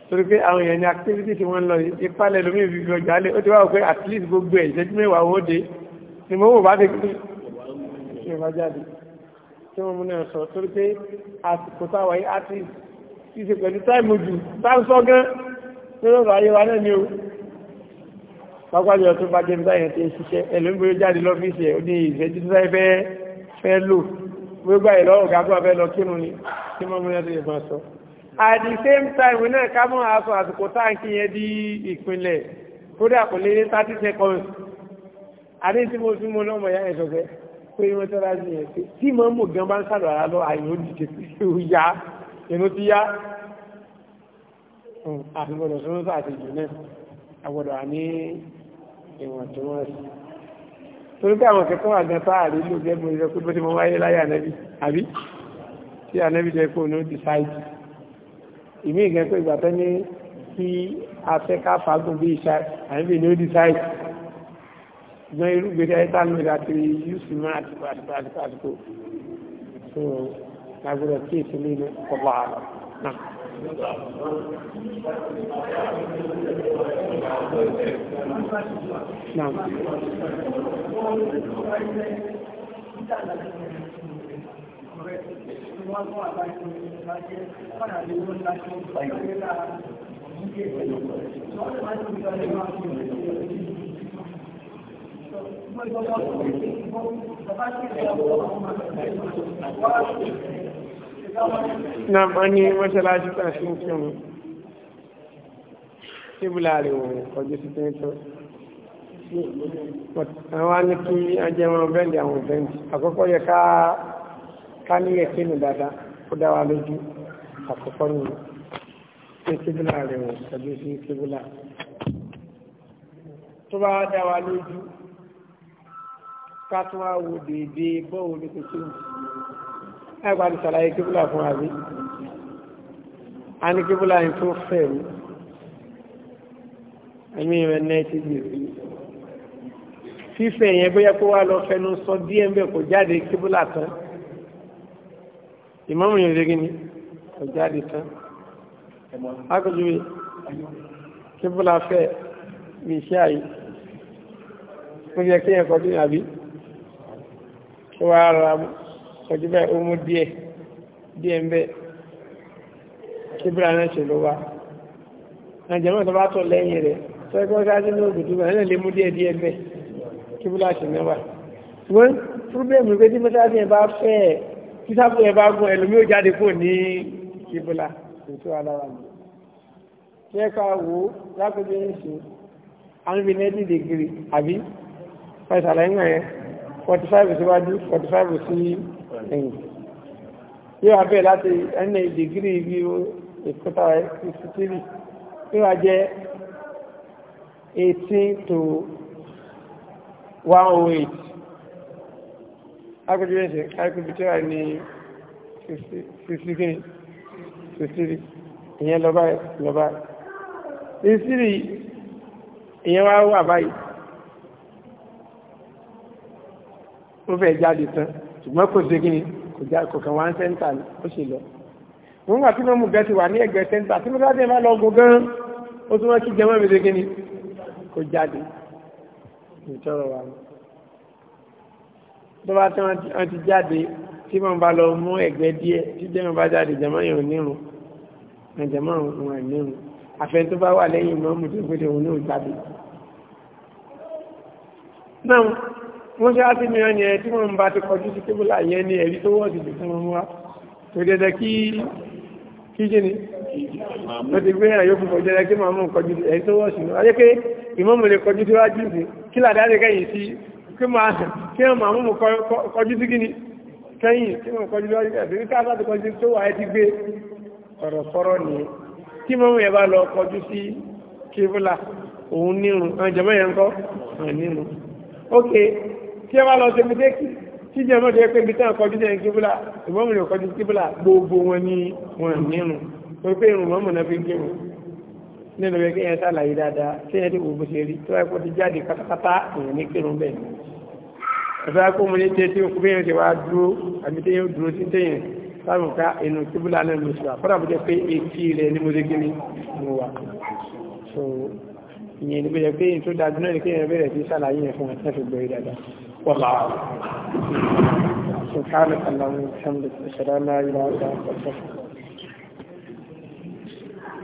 Speaker 1: torí pé àwọn èèyàn ní activity tí wọ́n lọ ìpalẹ̀ lómi ìfi ọjà lé ó ti wá pé at least gbogbo ẹ̀ ìṣẹ́jú mẹ́wàá ó dé ni mo wò bá ti kí ni ìwà jáde tí wọ́n mú náà sọ torí pé àsìkò táwa yìí àti ṣíṣe pẹ̀lú táìmù jù táìmù sọ gan lórí ọ̀rọ̀ ayé wa náà ni o pàápàá tó bá jẹ́ bí táyà ti ń ṣiṣẹ́ ẹ̀lómi bóyá jáde lọ́fíìsì ẹ̀ ó ní ìṣẹ́jú tó táyà fẹ́ lò gbogbo àyè lọ́wọ́ ọ̀gá abẹ́ lọ kírun ni tí mọ́mú náà ti yẹ̀bọn sọ. at the same time we náà ká mọ́ aṣọ àsìkò táǹkì yẹn di ìpínlẹ̀ kódà kò lé ní thirty seconds àní tí mo fi mọ lọ́mọ ya ẹ̀ sọ̀fẹ́ pé wọ́n tẹ́lá sí yẹn pé tí mọ́mú gan bá ń sàlọ̀ ara lọ àyè dìde pé ó yá ti yá hmm, àti gbọdọ̀ sọ́nà àti jù náà àgbọ̀dọ̀ àní ìwọ̀n tí wọ́n sì torí pé àwọn kẹ̀kọ́ àgbà táàrí ló jẹ́ mú ìrẹ́kú bó ti mọ́ wáyé láyé ànẹ́bí àbí tí ànẹ́bí jẹ́ kó ní ó ti sáìtì ìmí ìgẹ́ pé ìgbà tẹ́ni tí afẹ́ká fagún bí ìṣá ànẹ́bí ni ó ti sáìtì gbọ́n irú gbèdé so lágbọ́dọ̀ kí èsì lé ní
Speaker 2: نعم Thank you náà wọ́n
Speaker 1: ní mọ́ṣáláṣí tàn sí ń kírun tíbùlà rẹ̀ wọ̀ kọjú sí tuntun àwọn ní kí ajẹmọ́ bẹ́ẹ̀lì àwọn ìbẹ́ǹtì àkọ́kọ́ yẹ ká níyẹ̀ kí nù dáadáa kó dá wa lójú àkọ́kọ́ nù ní tíbùlà rẹ̀ wọ̀ kọjú sí tíbùlà tó bá dá wa lójú ká tún wá wo dèédéé bọ́ọ̀ ní kò tí ì ẹgbà ti ṣàlàyé kíbùlà fún àbí a ní kíbùlà yìí tó fẹ̀ mú ẹ̀mí rẹ̀ nẹ́ẹ̀tì gbèrè fífẹ̀ yẹn bóyá kó wá lọ fẹnu sọ díẹ̀ ń bẹ̀ kò jáde kíbùlà tán ìmọ̀mù yẹn lè gíní kò jáde tán akójúwe kíbùlà fẹ́ mi ṣe àyè ó yẹ kí yẹn kọjú àbí kí wàá rà mú kọjú bẹ́ẹ̀ ó mú díẹ̀ díẹ̀ ń bẹ́ kíbra náà ṣe ló wá nàìjíríà tó bá tọ̀ lẹ́yìn rẹ̀ sẹ́kọ́ sáájú ní òdòdó bẹ́ẹ̀ náà lè mú díẹ̀ díẹ̀ bẹ́ẹ̀ kíbra ṣe mẹ́wàá wọ́n fúrúbẹ́ẹ̀mù pé tí mẹ́tàdí ẹ̀ bá fẹ́ tí sáfù ẹ̀ bá gún ẹlòmí ò jáde kò ní kíbra ètò alára mi ṣé ká wo lápẹ́jọ́ ń ṣe anbinẹ́dì dègírì àbí fẹsàlẹ́ 45 síwájú 45 sí ẹ̀yìn yóò wá bẹ́ẹ̀ láti ẹni dìgírì ibi ìkúta fifty three yóò wá jẹ́ eighteen to one oh eight agbẹ́jọ́ ẹ̀sìn káríkùbìtìrà ní fifty three fifty three ìyẹn lọ́ba lọ́ba fifty three ìyẹn wá wà báyìí ó fẹ́ jáde tán ṣùgbọ́n kò ṣe kíni kò kàn wá ń sẹ́ńtà ó ṣe lọ. wọ́n wà tí wọ́n mú gẹ́sì wà ní ẹ̀gbẹ́ sẹ́ńtà tí wọ́n sáté máa lọ ogun gan ó tún wọ́n kí jẹmọ́ mi ṣe kíni kò jáde ìtọ́rọ̀ wa ni. tó bá tí wọ́n ti jáde tí wọ́n bá lọ mú ẹ̀gbẹ́ díẹ̀ tí jẹmọ́ bá jáde jẹmọ́ yẹn ò nírun ẹ̀jẹ̀mọ́ wọn ò nírun àfẹn tó bá wà lẹ́yìn mọ́mù tó wọ́n ṣe á sí mìíràn ni ẹ tí wọ́n bá ti kọjú sí kébùlà yẹn ní ẹ̀rí tó wọ́n ti lè fún wọn wá tó dẹ́dẹ́ kí kí jẹ́ ni
Speaker 2: ó ti gbé ẹ̀yọ́ fún
Speaker 1: ọjọ́ ẹgbẹ́ máa mú kọjú sí ẹ̀rí tó wọ́n sí lọ ayé pé ìmọ̀mù lè kọjú sí wájú sí kí làdá lè kẹ́yìn sí kí wọ́n máa mú kọjú sí kí ok tí ẹ bá lọ ṣe mistake tí jẹ́ mọ́tò pé ibi táwọn kọjú jẹ́ kíbúlà ìmọ̀mù rẹ̀ kọjú kíbúlà gbogbo wọn ni wọn nínú wọn pé irun mọ́mù náà fi ń kírun nínú rẹ̀ kéèyàn sàlàyé dáadáa tí ẹ ti wò bó ṣe rí tó ẹ̀kọ́ ti jáde pátápátá èèyàn ní kírun bẹ́ẹ̀ ẹ̀fẹ́ kó mo ní tẹ́ tí òkú bẹ́yẹn ti wá dúró àbí tẹ́yẹn dúró sí tẹ́yẹn sáàmù inú kíbúlà náà ní mo ṣe ni mo wà so ìyẹn ni bó jẹ́ pé èyí ni kéèyàn bẹ̀rẹ̀ sí والله أعلم
Speaker 2: سبحانك اللهم وبحمدك أشهد أن لا إله إلا أنت أستغفرك